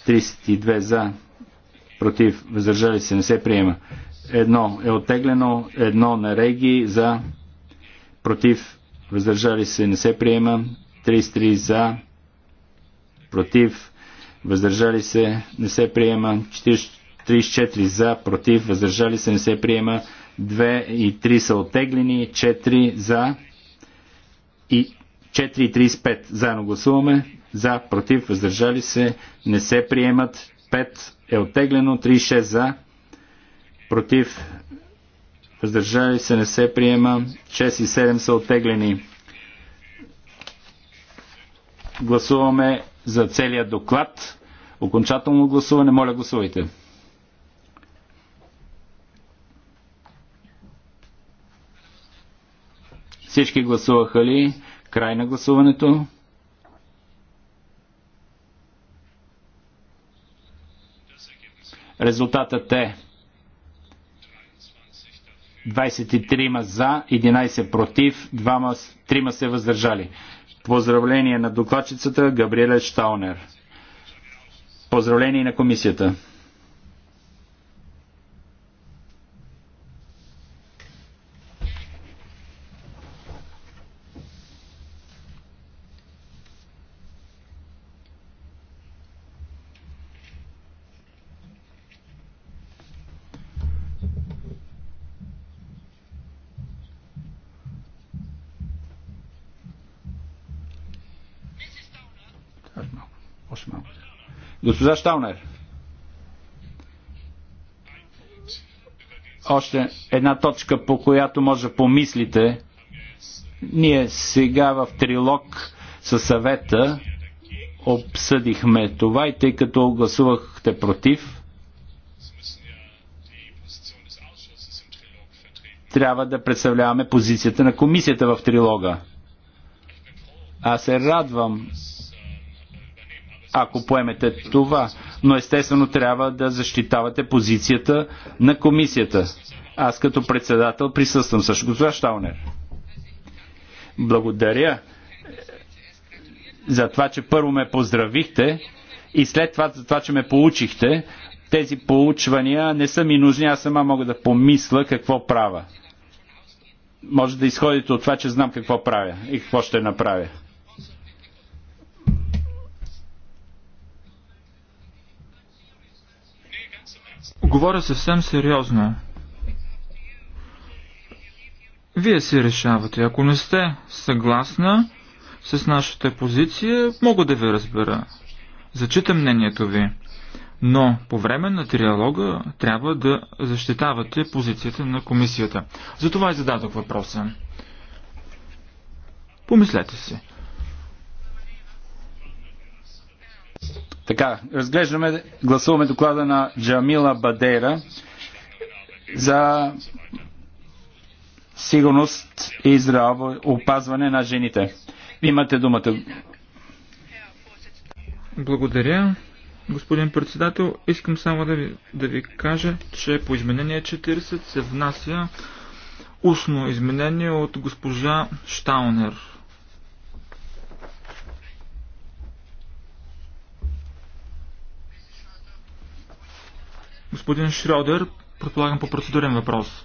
32 за, против, въздържали се, не се приема. Едно е оттеглено, едно на реги за, против, въздържали се, не се приема. 33 за, против, въздържали се, не се приема. 34 за, против, въздържали се, не се приема. 2 и 3 са оттеглени, 4 за и 4 и 35 заедно гласуваме, за, против, въздържали се, не се приемат, 5 е оттеглено, 36 за, против, въздържали се, не се приема, 6 и 7 са оттеглени. Гласуваме за целия доклад. Окончателно гласуване, моля гласувайте. Всички гласуваха ли? Край на гласуването. Резултатът е 23 за, 11 против, 2, 3 се въздържали. Поздравление на докладчицата Габриеля Штаунер. Поздравление на комисията. още малко. Още малко. Госпожа Штаунер. Още една точка, по която може да помислите. Ние сега в трилог със съвета обсъдихме това и тъй като гласувахте против, трябва да представляваме позицията на комисията в трилога. Аз се радвам, ако поемете това. Но естествено трябва да защитавате позицията на комисията. Аз като председател присъствам също. Госпожа Штаунер. Благодаря за това, че първо ме поздравихте и след това за това, че ме получихте. Тези получвания не са ми нужни, аз сама мога да помисля какво правя. Може да изходите от това, че знам какво правя и какво ще направя. Говоря съвсем сериозно. Вие си решавате. Ако не сте съгласна с нашата позиция, мога да ви разбера. Зачитам мнението ви. Но по време на триалога трябва да защитавате позицията на комисията. Затова и зададох въпроса. Помислете си. Така, разглеждаме, гласуваме доклада на Джамила Бадера за сигурност и здраво опазване на жените. Имате думата. Благодаря. Господин председател, искам само да ви, да ви кажа, че по изменение 40 се внася устно изменение от госпожа Штаунер. Господин Шрёдер, предполагам по процедурен въпрос.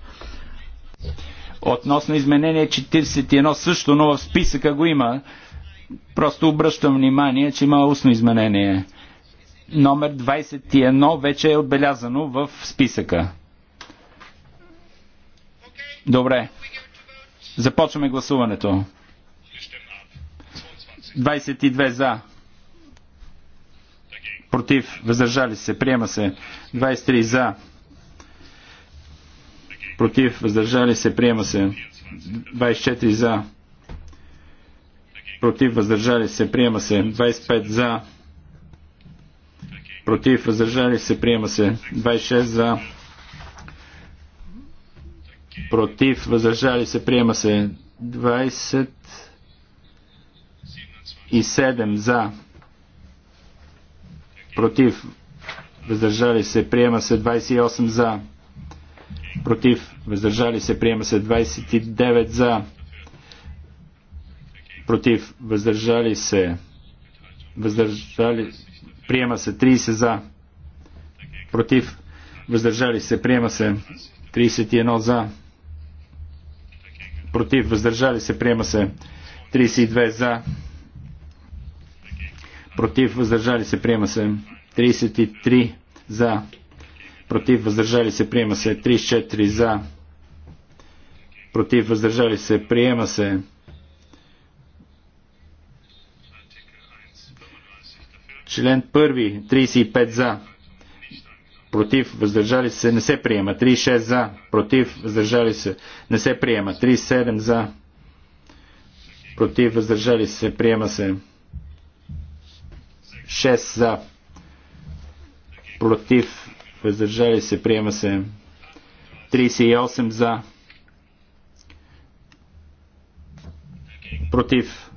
Относно изменение 41 също, но в списъка го има. Просто обръщам внимание, че има устно изменение. Номер 21 вече е отбелязано в списъка. Добре. Започваме гласуването. 22 за против, въздържали се, приема се. 23 за, против, въздържали се, приема се. 24 за, против, въздържали се, приема се. 25 за, против, въздържали се, приема се. 26 за, против, въздържали се, приема се. 7 за, против, въздържали се, приема се 28 за, против, въздържали се, приема се 29 за, против, въздържали се, въздържали, приема се 30 за, против, въздържали се, приема се 31 за, против, въздържали се, приема се 32 за, против, въздържали се, приема се. 33 за, против, въздържали се, приема се. 34 за, против, въздържали се, приема се. Член 1, 35 за, против, въздържали се, не се приема. 36 за, против, въздържали се, не се приема. 37 за, против, въздържали се, приема се. 6 за. Против. Въздържали се. Приема се. 38 за. Против.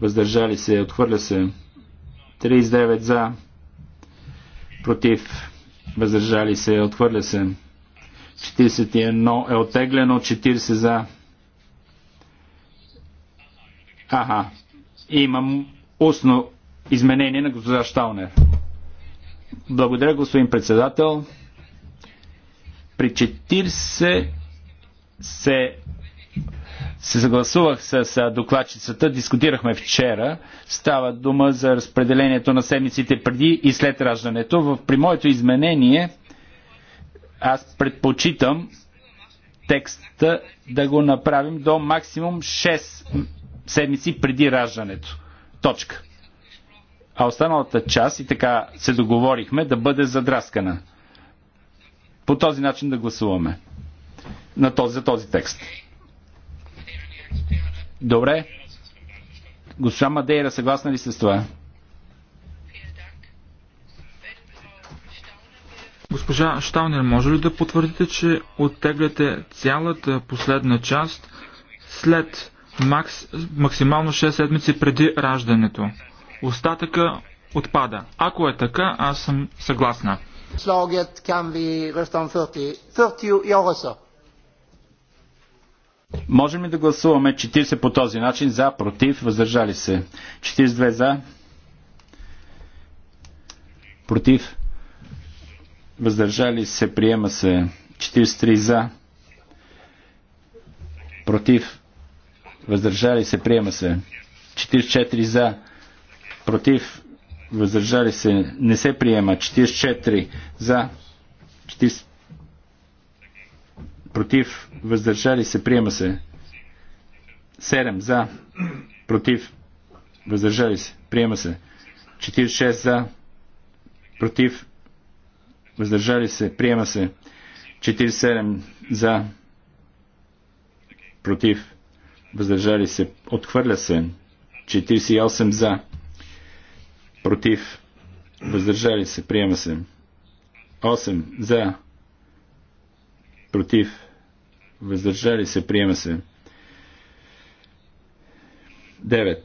Въздържали се. Отхвърля се. 39 за. Против. Въздържали се. Отхвърля се. 41 е отеглено. 40 за. Ага. Имам устно изменение на госпожа Шталнер. Благодаря, господин председател. При 40 се, се съгласувах с докладчицата, дискутирахме вчера. Става дума за разпределението на седмиците преди и след раждането. В, при моето изменение аз предпочитам текста да го направим до максимум 6 седмици преди раждането. Точка а останалата част и така се договорихме да бъде задраскана. По този начин да гласуваме на този, за този текст. Добре. Госпожа Мадейра, съгласна ли с това? Госпожа Штаунер, може ли да потвърдите, че оттегляте цялата последна част след макс, максимално 6 седмици преди раждането? остатъка отпада. Ако е така, аз съм съгласна. Слагът 40, Можем ли да гласуваме 40 по този начин? За, против, въздържали се. 42 за, против, въздържали се, приема се. 43 за, против, въздържали се, приема се. 44 за, против, въздържали се, не се приема. 44 за, 40, против, въздържали се, приема се. 7 за, против, въздържали се, приема се. 46 за, против, въздържали се, приема се. 47 за, против, въздържали се, отхвърля се. 48 за, Против. Въздържали се. Приема се. 8. За. Против. Въздържали се. Приема се. 9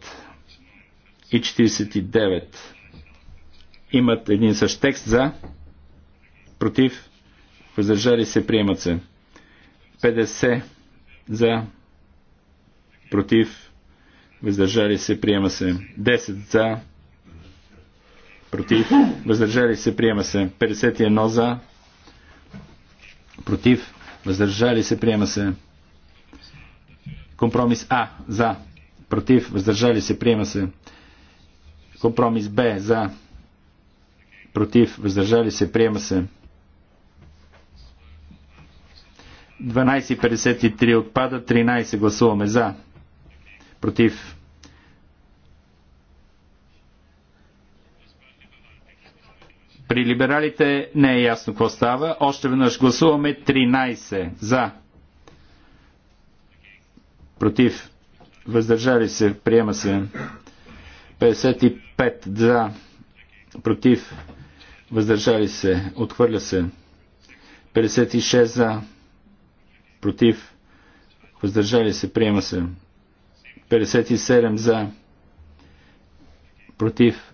и 49 имат един същ текст за. Против. Въздържали се. Приемат се. 50 за. Против. Въздържали се. Приема се. 10 за против, въздържали се, приема се. 51 за, против, въздържали се, приема се. Компромис А, за, против, въздържали се, приема се. Компромис Б, за, против, въздържали се, приема се. 12.53 отпада, 13 гласуваме за, против, При либералите не е ясно какво става. Още веднъж гласуваме 13 за. Против. Въздържали се. Приема се. 55 за. Против. Въздържали се. Отхвърля се. 56 за. Против. Въздържали се. Приема се. 57 за. Против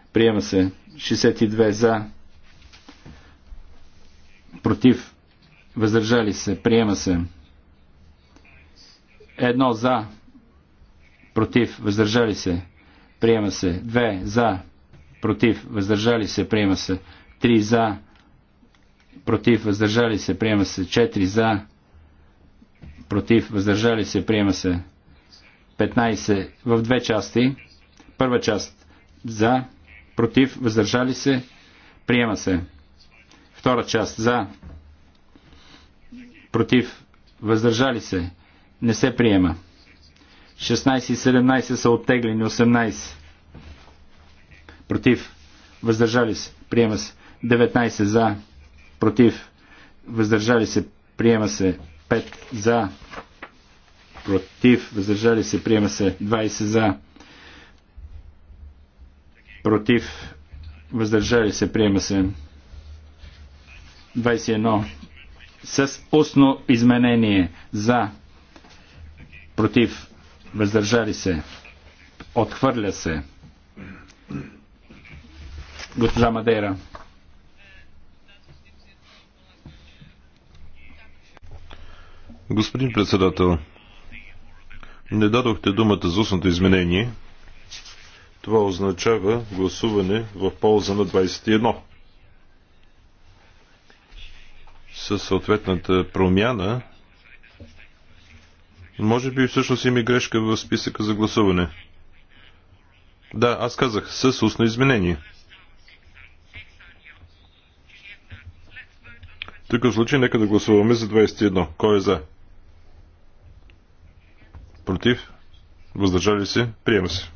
Приема се. 62 за. Против. Въздържали се. Приема се. Едно за. Против. Въздържали се. Приема се. Две за. Против. Въздържали се. Приема се. Три за. Против. Въздържали се. Приема се. Четири за. Против. Въздържали се. Приема се. 15 в две части. Първа част за против, въздържали се, приема се. Втора част за, против, въздържали се, не се приема. 16 и 17 са оттеглени, 18 против, въздържали се, приема се. 19 за, против, въздържали се, приема се. 5 за, против, въздържали се, приема се. 20 за, против, въздържали се, приема се. 21. С устно изменение за, против, въздържали се, отхвърля се. Госпожа Мадейра. Господин председател, не дадохте думата за устното изменение – това означава гласуване в полза на 21. Със съответната промяна, може би всъщност има грешка в списъка за гласуване. Да, аз казах, с устно изменение. В случай нека да гласуваме за 21. Кой е за? Против? Въздържали се? Приема се.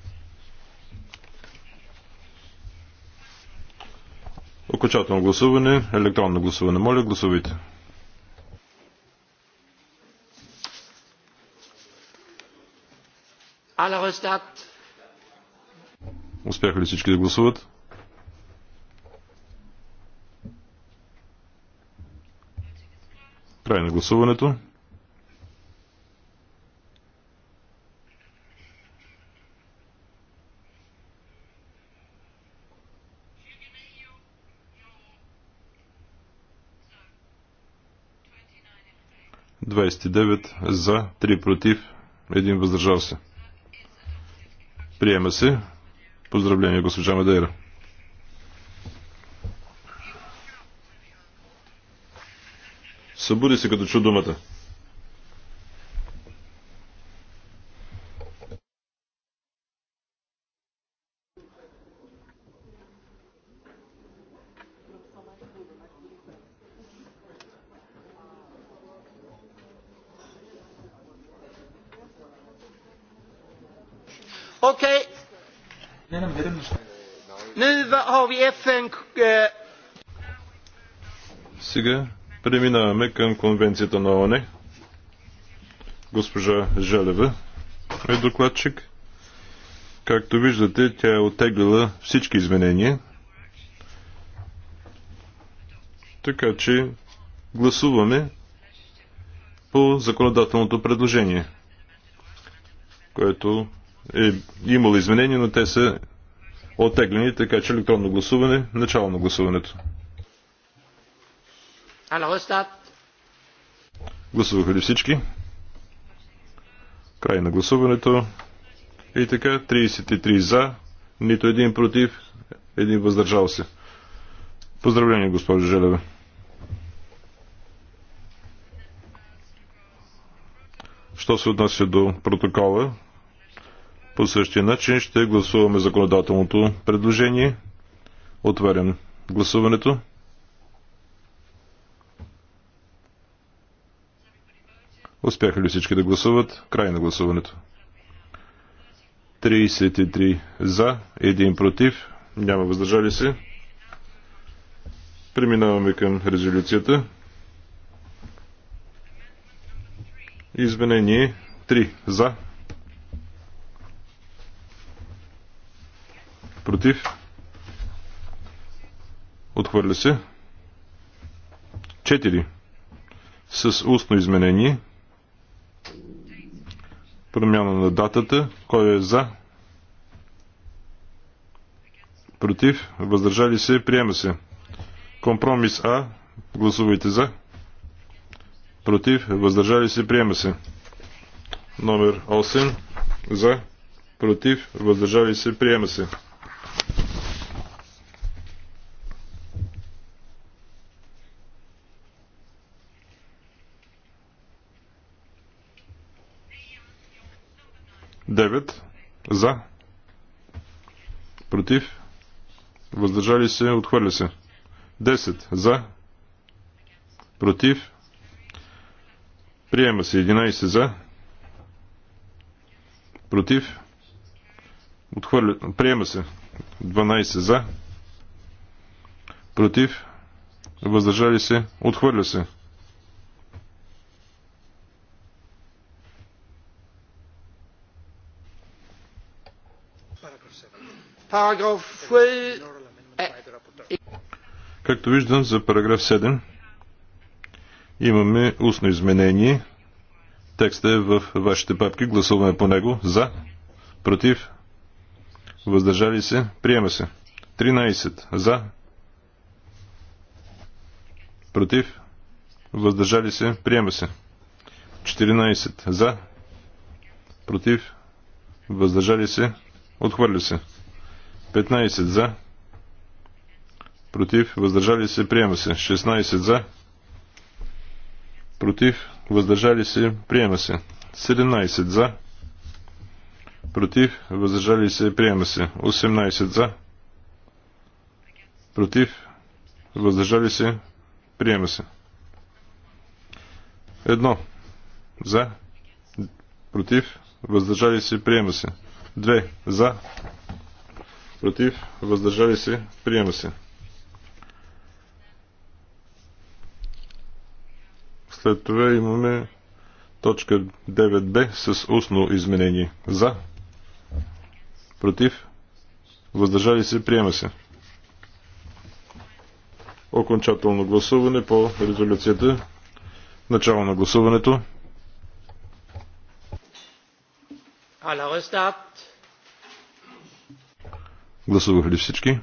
Окончателно гласуване, електронно гласуване. Моля, гласувайте. Успяха ли всички да гласуват? Край на гласуването. 29 за, 3 против, 1 въздържал се. Приема се. Поздравление, госпожа Медейра. Събуди се като чу думата. Okej. Okay. Nu har vi FN... Eh, Сега преминаваме към конвенцията на ОНЕ. Госпожа Желева е докладчик. Както виждате, тя е отеглила всички изменения. Така че гласуваме по законодателното предложение, което е имало изменения, но те са оттеглени, така че електронно гласуване, начало на гласуването. Гласуваха ли всички? Край на гласуването. И така, 33 за, нито един против, един въздържал се. Поздравление, госпожо Желева. Що се отнася до протокола, по същия начин ще гласуваме законодателното предложение. Отварям гласуването. Успяха ли всички да гласуват? Край на гласуването. 33 за, 1 против, няма въздържали се. Преминаваме към резолюцията. Изменение 3 за, Против. Отхвърля се. 4. С устно изменение. Промяна на датата. Кой е за? Против. Въздържали се. Приема се. Компромис А. Гласувайте за. Против. Въздържали се. Приема се. Номер 8. За. Против. Въздържали се. Приема се. 9 за, против, въздържали се, отхвърля се. 10 за, против, приема се 11 за, против, отхвърля, приема се 12 за, против, въздържали се, отхвърля се Параграф 7. Е- Както виждам за параграф 7 имаме устно изменение. Текстът е в вашите папки. Гласуваме по него. За. Против. Въздържали се. Приема се. 13. За. Против. Въздържали се. Приема се. 14. За. Против. Въздържали се. Отхвърля се. 15 за. Против. Въздържали се. Приема се. 16 за. Против. Въздържали се. Приема се. 17 за. Против. Въздържали се. Приема се. 18 за. Против. Въздържали се. Приема се. Едно. За. Против. Въздържали се. Приема се. 2 за, против, въздържали се, приема се. След това имаме точка 9b с устно изменение. За, против, въздържали се, приема се. Окончателно гласуване по резолюцията. Начало на гласуването. Гласуваха ли всички?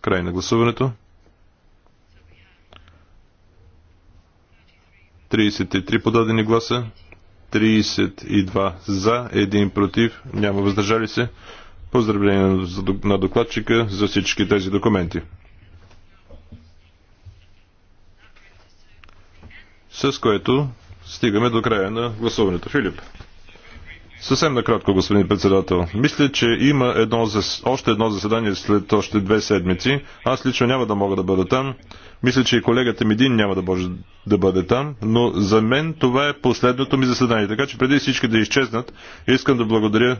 Край на гласуването. 33 подадени гласа, 32 за, 1 против, няма въздържали се. Поздравление на докладчика за всички тези документи. С което стигаме до края на гласуването. Филип. Съвсем накратко, господин председател. Мисля, че има едно, още едно заседание след още две седмици. Аз лично няма да мога да бъда там. Мисля, че и колегата ми един няма да може да бъде там, но за мен това е последното ми заседание. Така че преди всички да изчезнат, искам да благодаря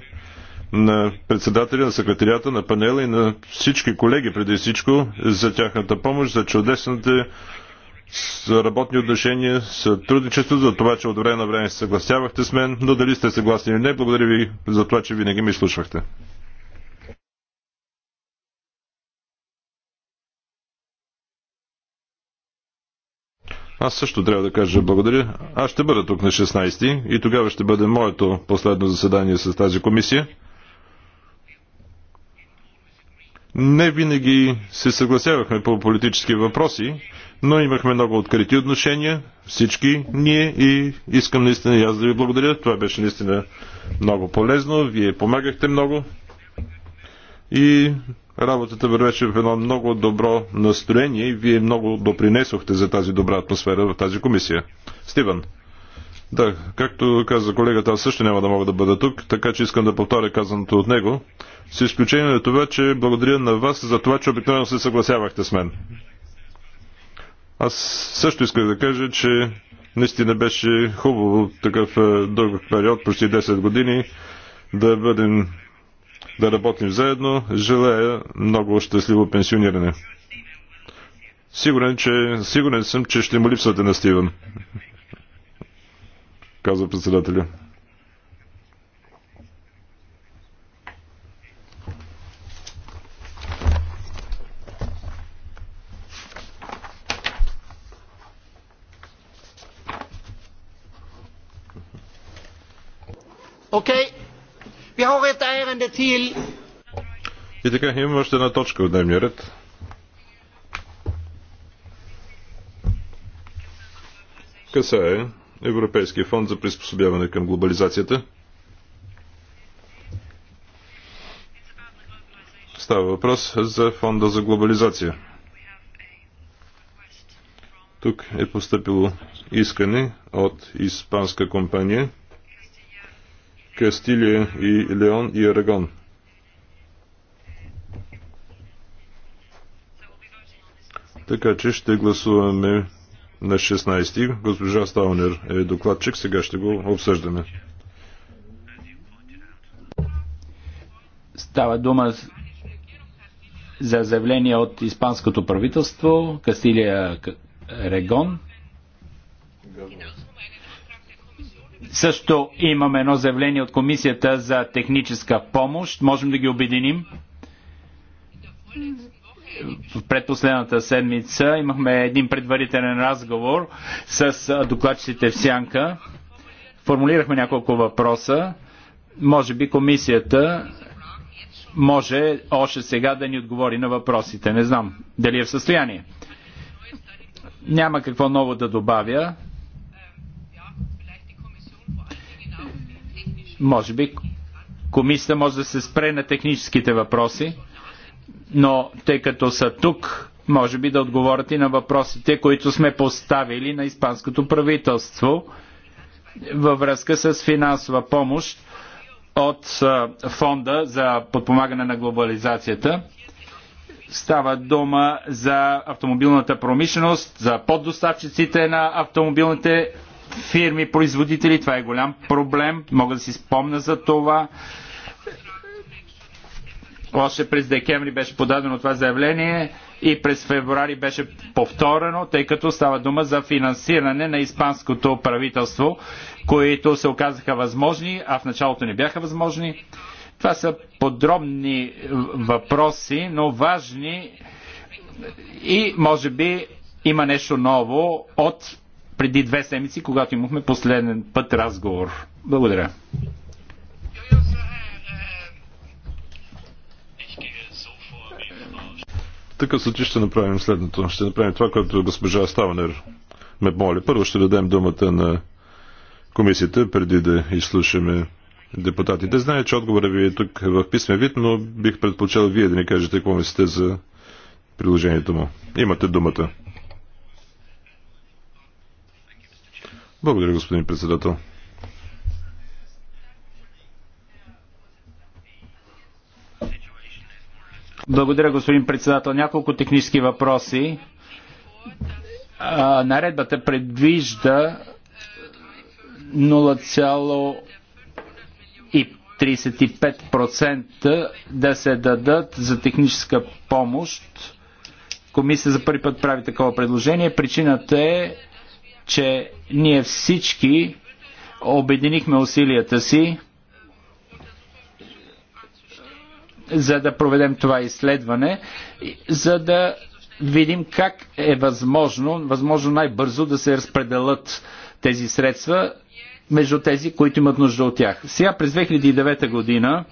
на председателя, на секретарията, на панела и на всички колеги преди всичко за тяхната помощ, за чудесните работни отношения, сътрудничество, за това, че от време на време се съгласявахте с мен, но дали сте съгласни или не, благодаря ви за това, че винаги ми слушахте. Аз също трябва да кажа благодаря. Аз ще бъда тук на 16 и тогава ще бъде моето последно заседание с тази комисия. Не винаги се съгласявахме по политически въпроси, но имахме много открити отношения, всички ние и искам наистина и аз да ви благодаря. Това беше наистина много полезно, вие помагахте много и работата вървеше в едно много добро настроение и вие много допринесохте за тази добра атмосфера в тази комисия. Стиван. Да, както каза колегата, аз също няма да мога да бъда тук, така че искам да повторя казаното от него. С изключение на това, че благодаря на вас за това, че обикновено се съгласявахте с мен. Аз също исках да кажа, че наистина беше хубаво такъв е, дълъг период, почти 10 години, да бъдем да работим заедно. Желая много щастливо пенсиониране. Сигурен, че, сигурен съм, че ще му липсвате на Стивен, казва председателя. Окей. Okay. И така, имаме още една точка от дневния ред. Касае Европейския фонд за приспособяване към глобализацията. Става въпрос за фонда за глобализация. Тук е поступило искане от испанска компания – Кастилия и Леон и Арагон. Така че ще гласуваме на 16. ти Госпожа Стаунер е докладчик, сега ще го обсъждаме. Става дума за заявление от испанското правителство, Кастилия Регон. Също имаме едно заявление от комисията за техническа помощ. Можем да ги обединим. В предпоследната седмица имахме един предварителен разговор с докладчиците в Сянка. Формулирахме няколко въпроса. Може би комисията може още сега да ни отговори на въпросите. Не знам дали е в състояние. Няма какво ново да добавя. Може би комисията може да се спре на техническите въпроси, но тъй като са тук, може би да отговорят и на въпросите, които сме поставили на испанското правителство във връзка с финансова помощ от фонда за подпомагане на глобализацията. Става дума за автомобилната промишленост, за поддоставчиците на автомобилните фирми, производители. Това е голям проблем. Мога да си спомня за това. Още през декември беше подадено това заявление и през февруари беше повторено, тъй като става дума за финансиране на испанското правителство, които се оказаха възможни, а в началото не бяха възможни. Това са подробни въпроси, но важни и може би има нещо ново от преди две седмици, когато имахме последен път разговор. Благодаря. такъв случай ще направим следното. Ще направим това, което госпожа Ставанер ме моли. Първо ще дадем думата на комисията, преди да изслушаме депутатите. Знаете, че отговора ви е тук в писмен вид, но бих предпочел вие да ни кажете какво мислите за приложението му. Имате думата. Благодаря, господин председател. Благодаря, господин председател. Няколко технически въпроси. А, наредбата предвижда 0,35% да се дадат за техническа помощ. Комисия за първи път прави такова предложение. Причината е че ние всички обединихме усилията си за да проведем това изследване, за да видим как е възможно, възможно най-бързо да се разпределят тези средства между тези, които имат нужда от тях. Сега през 2009 година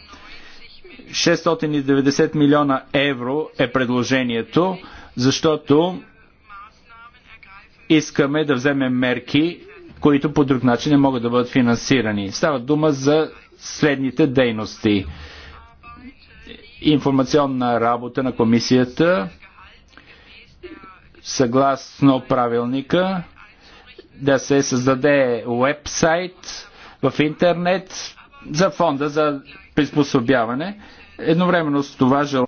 690 милиона евро е предложението, защото искаме да вземем мерки, които по друг начин не могат да бъдат финансирани. Става дума за следните дейности. Информационна работа на комисията, съгласно правилника, да се създаде уебсайт в интернет за фонда за приспособяване. Едновременно с това желание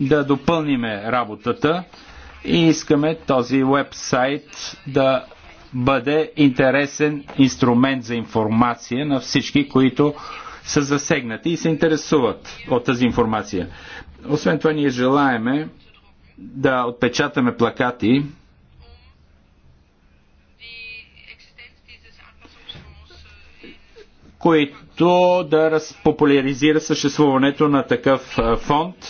да допълниме работата и искаме този вебсайт да бъде интересен инструмент за информация на всички, които са засегнати и се интересуват от тази информация. Освен това, ние желаеме да отпечатаме плакати, които да разпопуляризира съществуването на такъв фонд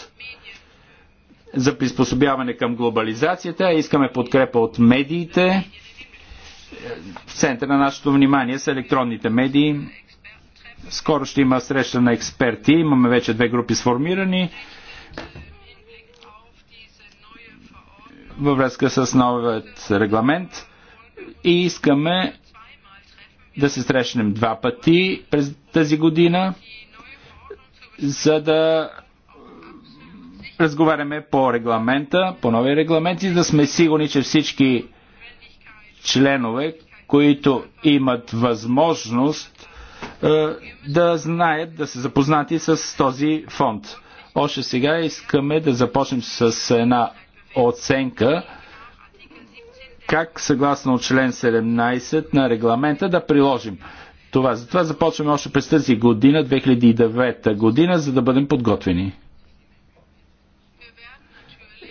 за приспособяване към глобализацията. Искаме подкрепа от медиите. В центъра на нашето внимание са електронните медии. Скоро ще има среща на експерти. Имаме вече две групи сформирани. Във връзка с новият регламент. И искаме да се срещнем два пъти през тази година, за да разговаряме по регламента, по нови регламенти, да сме сигурни, че всички членове, които имат възможност е, да знаят, да се запознати с този фонд. Още сега искаме да започнем с една оценка как съгласно член 17 на регламента да приложим това. Затова започваме още през тази година, 2009 година, за да бъдем подготвени.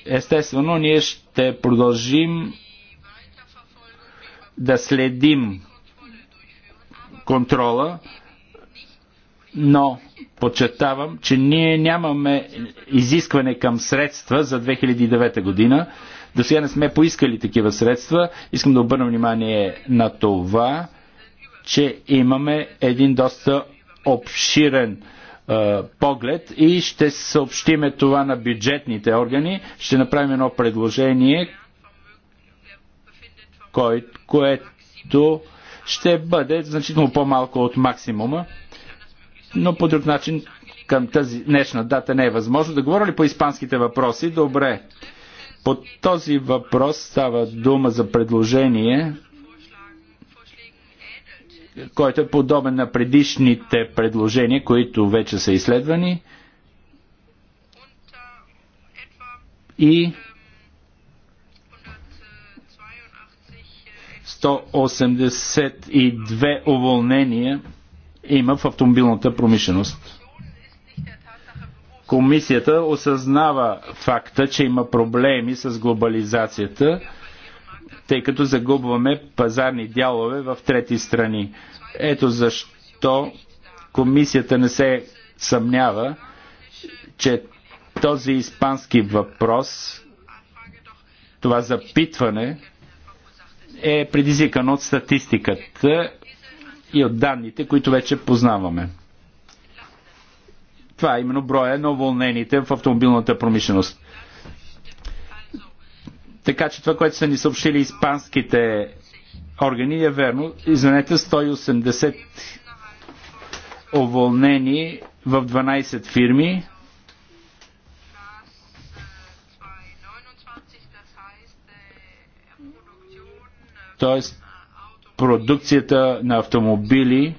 Естествено, ние ще продължим да следим контрола, но подчертавам, че ние нямаме изискване към средства за 2009 година. До сега не сме поискали такива средства. Искам да обърна внимание на това, че имаме един доста обширен поглед и ще съобщиме това на бюджетните органи. Ще направим едно предложение, кое, което ще бъде значително по-малко от максимума, но по друг начин към тази днешна дата не е възможно. Да говоря ли по испанските въпроси? Добре. По този въпрос става дума за предложение който е подобен на предишните предложения, които вече са изследвани. И 182 уволнения има в автомобилната промишленост. Комисията осъзнава факта, че има проблеми с глобализацията тъй като загубваме пазарни дялове в трети страни. Ето защо комисията не се съмнява, че този испански въпрос, това запитване е предизвикано от статистиката и от данните, които вече познаваме. Това е именно броя на уволнените в автомобилната промишленост. Така че това, което са ни съобщили испанските органи е верно. Извинете, 180 уволнени в 12 фирми. Тоест, продукцията на автомобили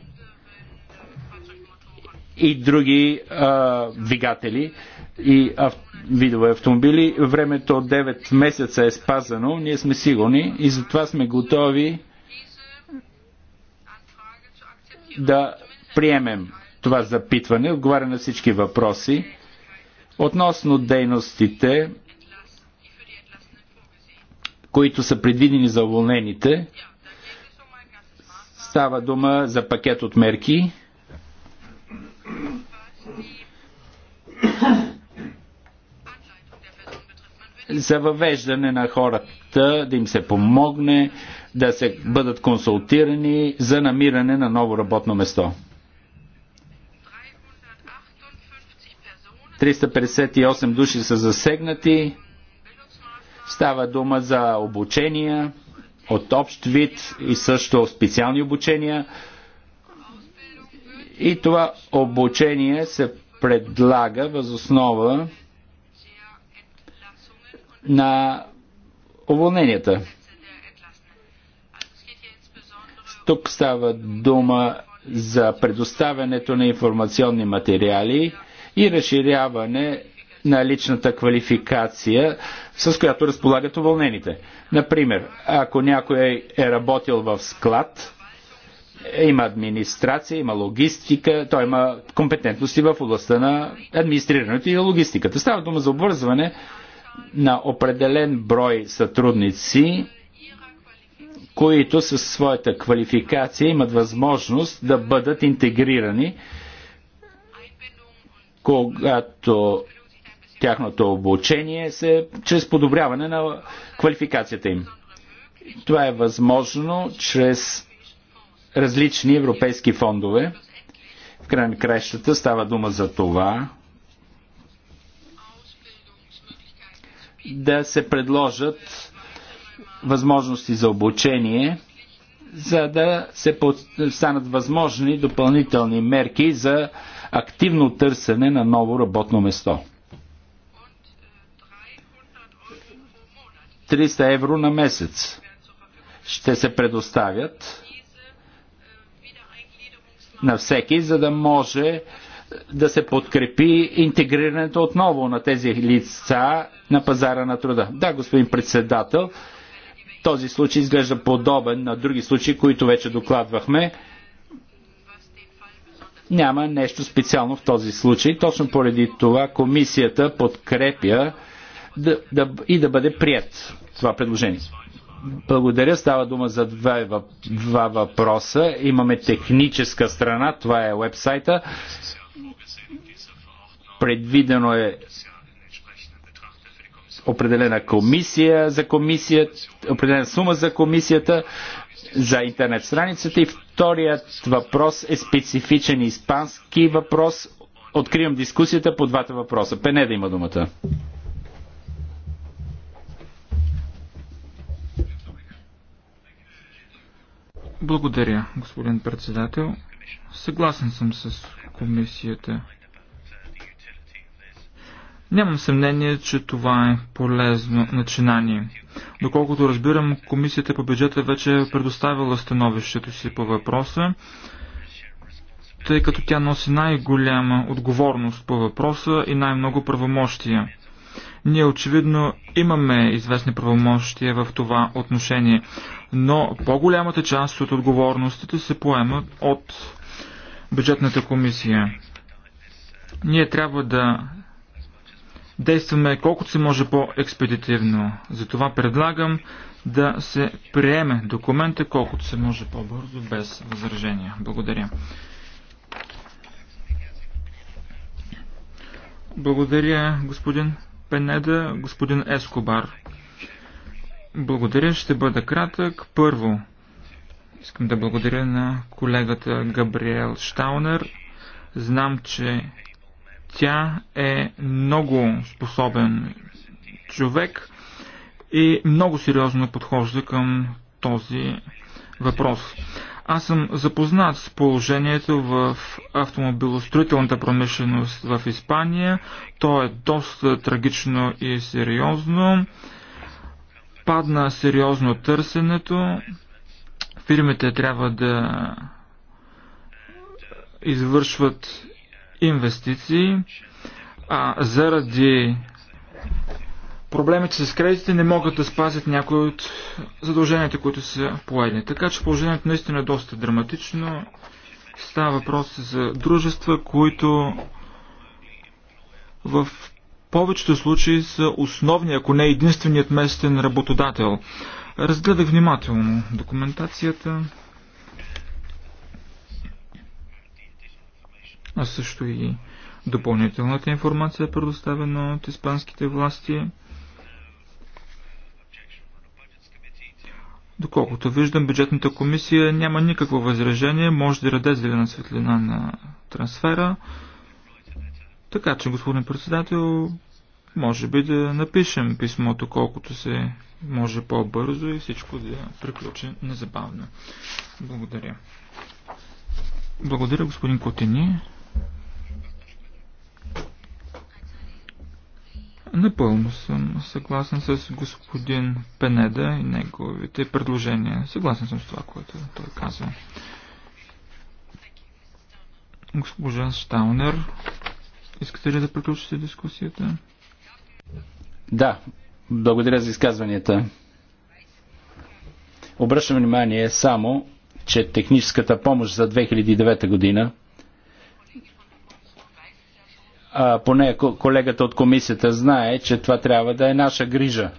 и други а, двигатели и автомобили видове автомобили. Времето от 9 месеца е спазано, ние сме сигурни и затова сме готови да приемем това запитване, отговаря на всички въпроси относно дейностите, които са предвидени за уволнените. Става дума за пакет от мерки, за въвеждане на хората, да им се помогне, да се бъдат консултирани за намиране на ново работно место. 358 души са засегнати. Става дума за обучения от общ вид и също специални обучения. И това обучение се предлага възоснова основа на уволненията. Тук става дума за предоставянето на информационни материали и разширяване на личната квалификация, с която разполагат уволнените. Например, ако някой е работил в склад, има администрация, има логистика, той има компетентности в областта на администрирането и логистиката. Става дума за обвързване на определен брой сътрудници, които със своята квалификация имат възможност да бъдат интегрирани, когато тяхното обучение се чрез подобряване на квалификацията им. Това е възможно чрез различни европейски фондове. В край на краищата става дума за това да се предложат възможности за обучение, за да се станат възможни допълнителни мерки за активно търсене на ново работно место. 300 евро на месец ще се предоставят на всеки, за да може да се подкрепи интегрирането отново на тези лица на пазара на труда. Да, господин председател, този случай изглежда подобен на други случаи, които вече докладвахме. Няма нещо специално в този случай. Точно поради това комисията подкрепя да, да, и да бъде прият това предложение. Благодаря. Става дума за два, два въпроса. Имаме техническа страна, това е вебсайта. Предвидено е определена комисия за комисията, определена сума за комисията, за интернет страницата и вторият въпрос е специфичен испански въпрос. Откривам дискусията по двата въпроса. Пене да има думата. Благодаря, господин председател. Съгласен съм с комисията. Нямам съмнение, че това е полезно начинание. Доколкото разбирам, комисията по бюджета вече е предоставила становището си по въпроса, тъй като тя носи най-голяма отговорност по въпроса и най-много правомощия. Ние очевидно имаме известни правомощия в това отношение, но по-голямата част от отговорностите се поемат от бюджетната комисия. Ние трябва да действаме колкото се може по-експедитивно. Затова предлагам да се приеме документа колкото се може по-бързо, без възражения. Благодаря. Благодаря, господин Пенеда, господин Ескобар. Благодаря, ще бъда кратък. Първо, искам да благодаря на колегата Габриел Штаунер. Знам, че тя е много способен човек и много сериозно подхожда към този въпрос. Аз съм запознат с положението в автомобилостроителната промишленост в Испания. То е доста трагично и сериозно. Падна сериозно търсенето. Фирмите трябва да извършват инвестиции, а заради проблемите с кредитите не могат да спазят някои от задълженията, които са поедни. Така че положението наистина е доста драматично. Става въпрос за дружества, които в повечето случаи са основни, ако не единственият местен работодател. Разгледах внимателно документацията. а също и допълнителната информация, предоставена от испанските власти. Доколкото виждам, бюджетната комисия няма никакво възражение, може да раде зелена светлина на трансфера. Така че, господин председател, може би да напишем писмото колкото се може по-бързо и всичко да приключи незабавно. Благодаря. Благодаря, господин Котини. Напълно съм съгласен с господин Пенеда и неговите предложения. Съгласен съм с това, което той каза. Госпожа Штаунер, искате ли да приключите дискусията? Да, благодаря за изказванията. Обръщам внимание само, че техническата помощ за 2009 година – а, поне колегата от комисията знае, че това трябва да е наша грижа.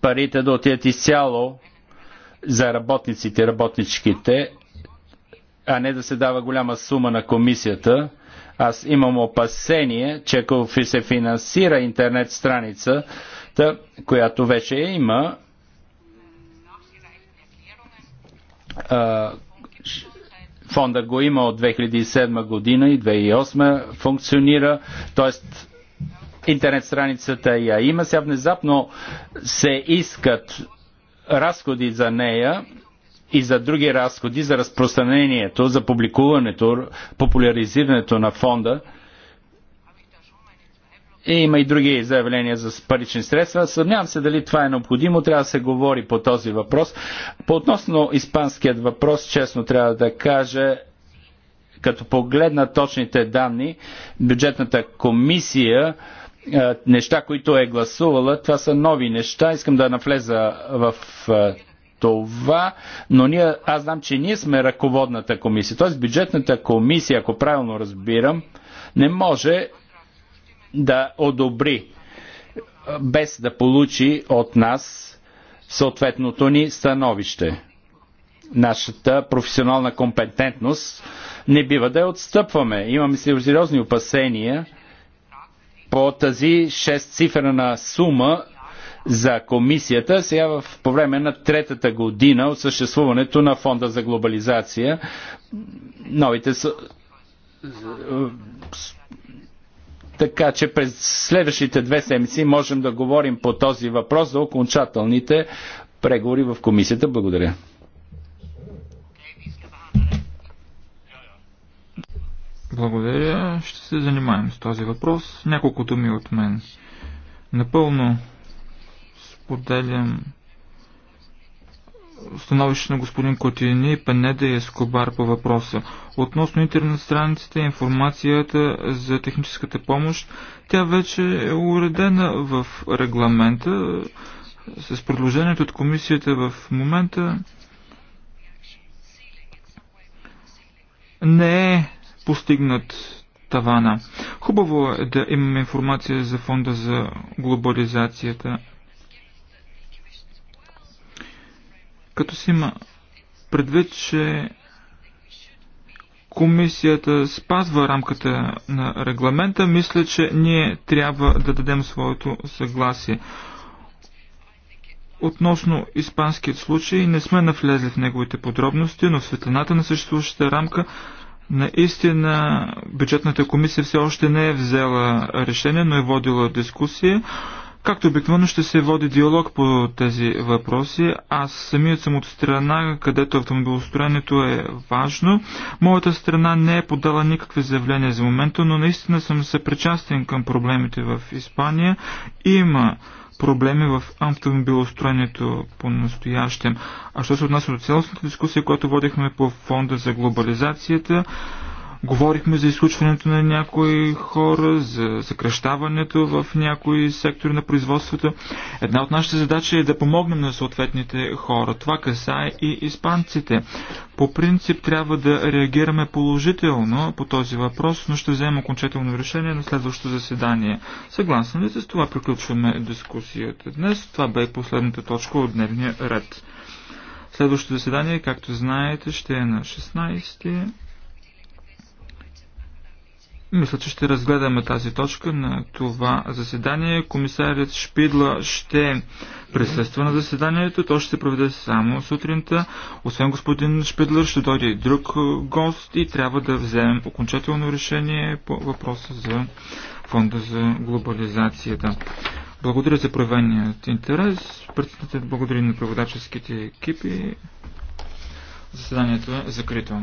Парите да отидат изцяло за работниците и работничките, а не да се дава голяма сума на комисията. Аз имам опасение, че ако се финансира интернет страница, която вече има, Фонда го има от 2007 година и 2008 функционира, т.е. интернет страницата я има. Сега внезапно се искат разходи за нея и за други разходи, за разпространението, за публикуването, популяризирането на фонда – и е, има и други заявления за парични средства. Съмнявам се дали това е необходимо. Трябва да се говори по този въпрос. По относно испанският въпрос, честно трябва да кажа, като погледна точните данни, бюджетната комисия е, неща, които е гласувала, това са нови неща. Искам да навлеза в е, това, но ние, аз знам, че ние сме ръководната комисия. Тоест бюджетната комисия, ако правилно разбирам, не може да одобри, без да получи от нас съответното ни становище. Нашата професионална компетентност не бива да я отстъпваме. Имаме сериозни опасения по тази 6-цифрена сума за комисията сега в, по време на третата година от съществуването на фонда за глобализация новите така че през следващите две седмици можем да говорим по този въпрос за окончателните преговори в комисията. Благодаря. Благодаря. Ще се занимаем с този въпрос. Няколко думи от мен. Напълно споделям становище на господин Котини, Панеда и Ескобар по въпроса. Относно интернет страницата и информацията за техническата помощ, тя вече е уредена в регламента с предложението от комисията в момента. Не е постигнат тавана. Хубаво е да имаме информация за фонда за глобализацията – Като си има предвид, че комисията спазва рамката на регламента, мисля, че ние трябва да дадем своето съгласие. Относно испанският случай, не сме навлезли в неговите подробности, но в светлината на съществуващата рамка Наистина бюджетната комисия все още не е взела решение, но е водила дискусия. Както обикновено ще се води диалог по тези въпроси. Аз самият съм от страна, където автомобилостроенето е важно. Моята страна не е подала никакви заявления за момента, но наистина съм съпричастен към проблемите в Испания. Има проблеми в автомобилостроенето по-настоящем. А що се отнася до цялостната дискусия, която водихме по фонда за глобализацията, Говорихме за изключването на някои хора, за съкръщаването в някои сектори на производството. Една от нашите задачи е да помогнем на съответните хора. Това касае и испанците. По принцип трябва да реагираме положително по този въпрос, но ще вземем окончателно решение на следващото заседание. Съгласен ли с това приключваме дискусията днес? Това бе последната точка от дневния ред. Следващото заседание, както знаете, ще е на 16 мисля, че ще разгледаме тази точка на това заседание. Комисарият Шпидла ще присъства на заседанието. То ще се проведе само сутринта. Освен господин Шпидлър ще дойде и друг гост и трябва да вземем окончателно решение по въпроса за фонда за глобализацията. Благодаря за проявеният интерес. Председателят благодаря на преводаческите екипи. Заседанието е закрито.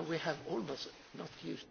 and we have almost not used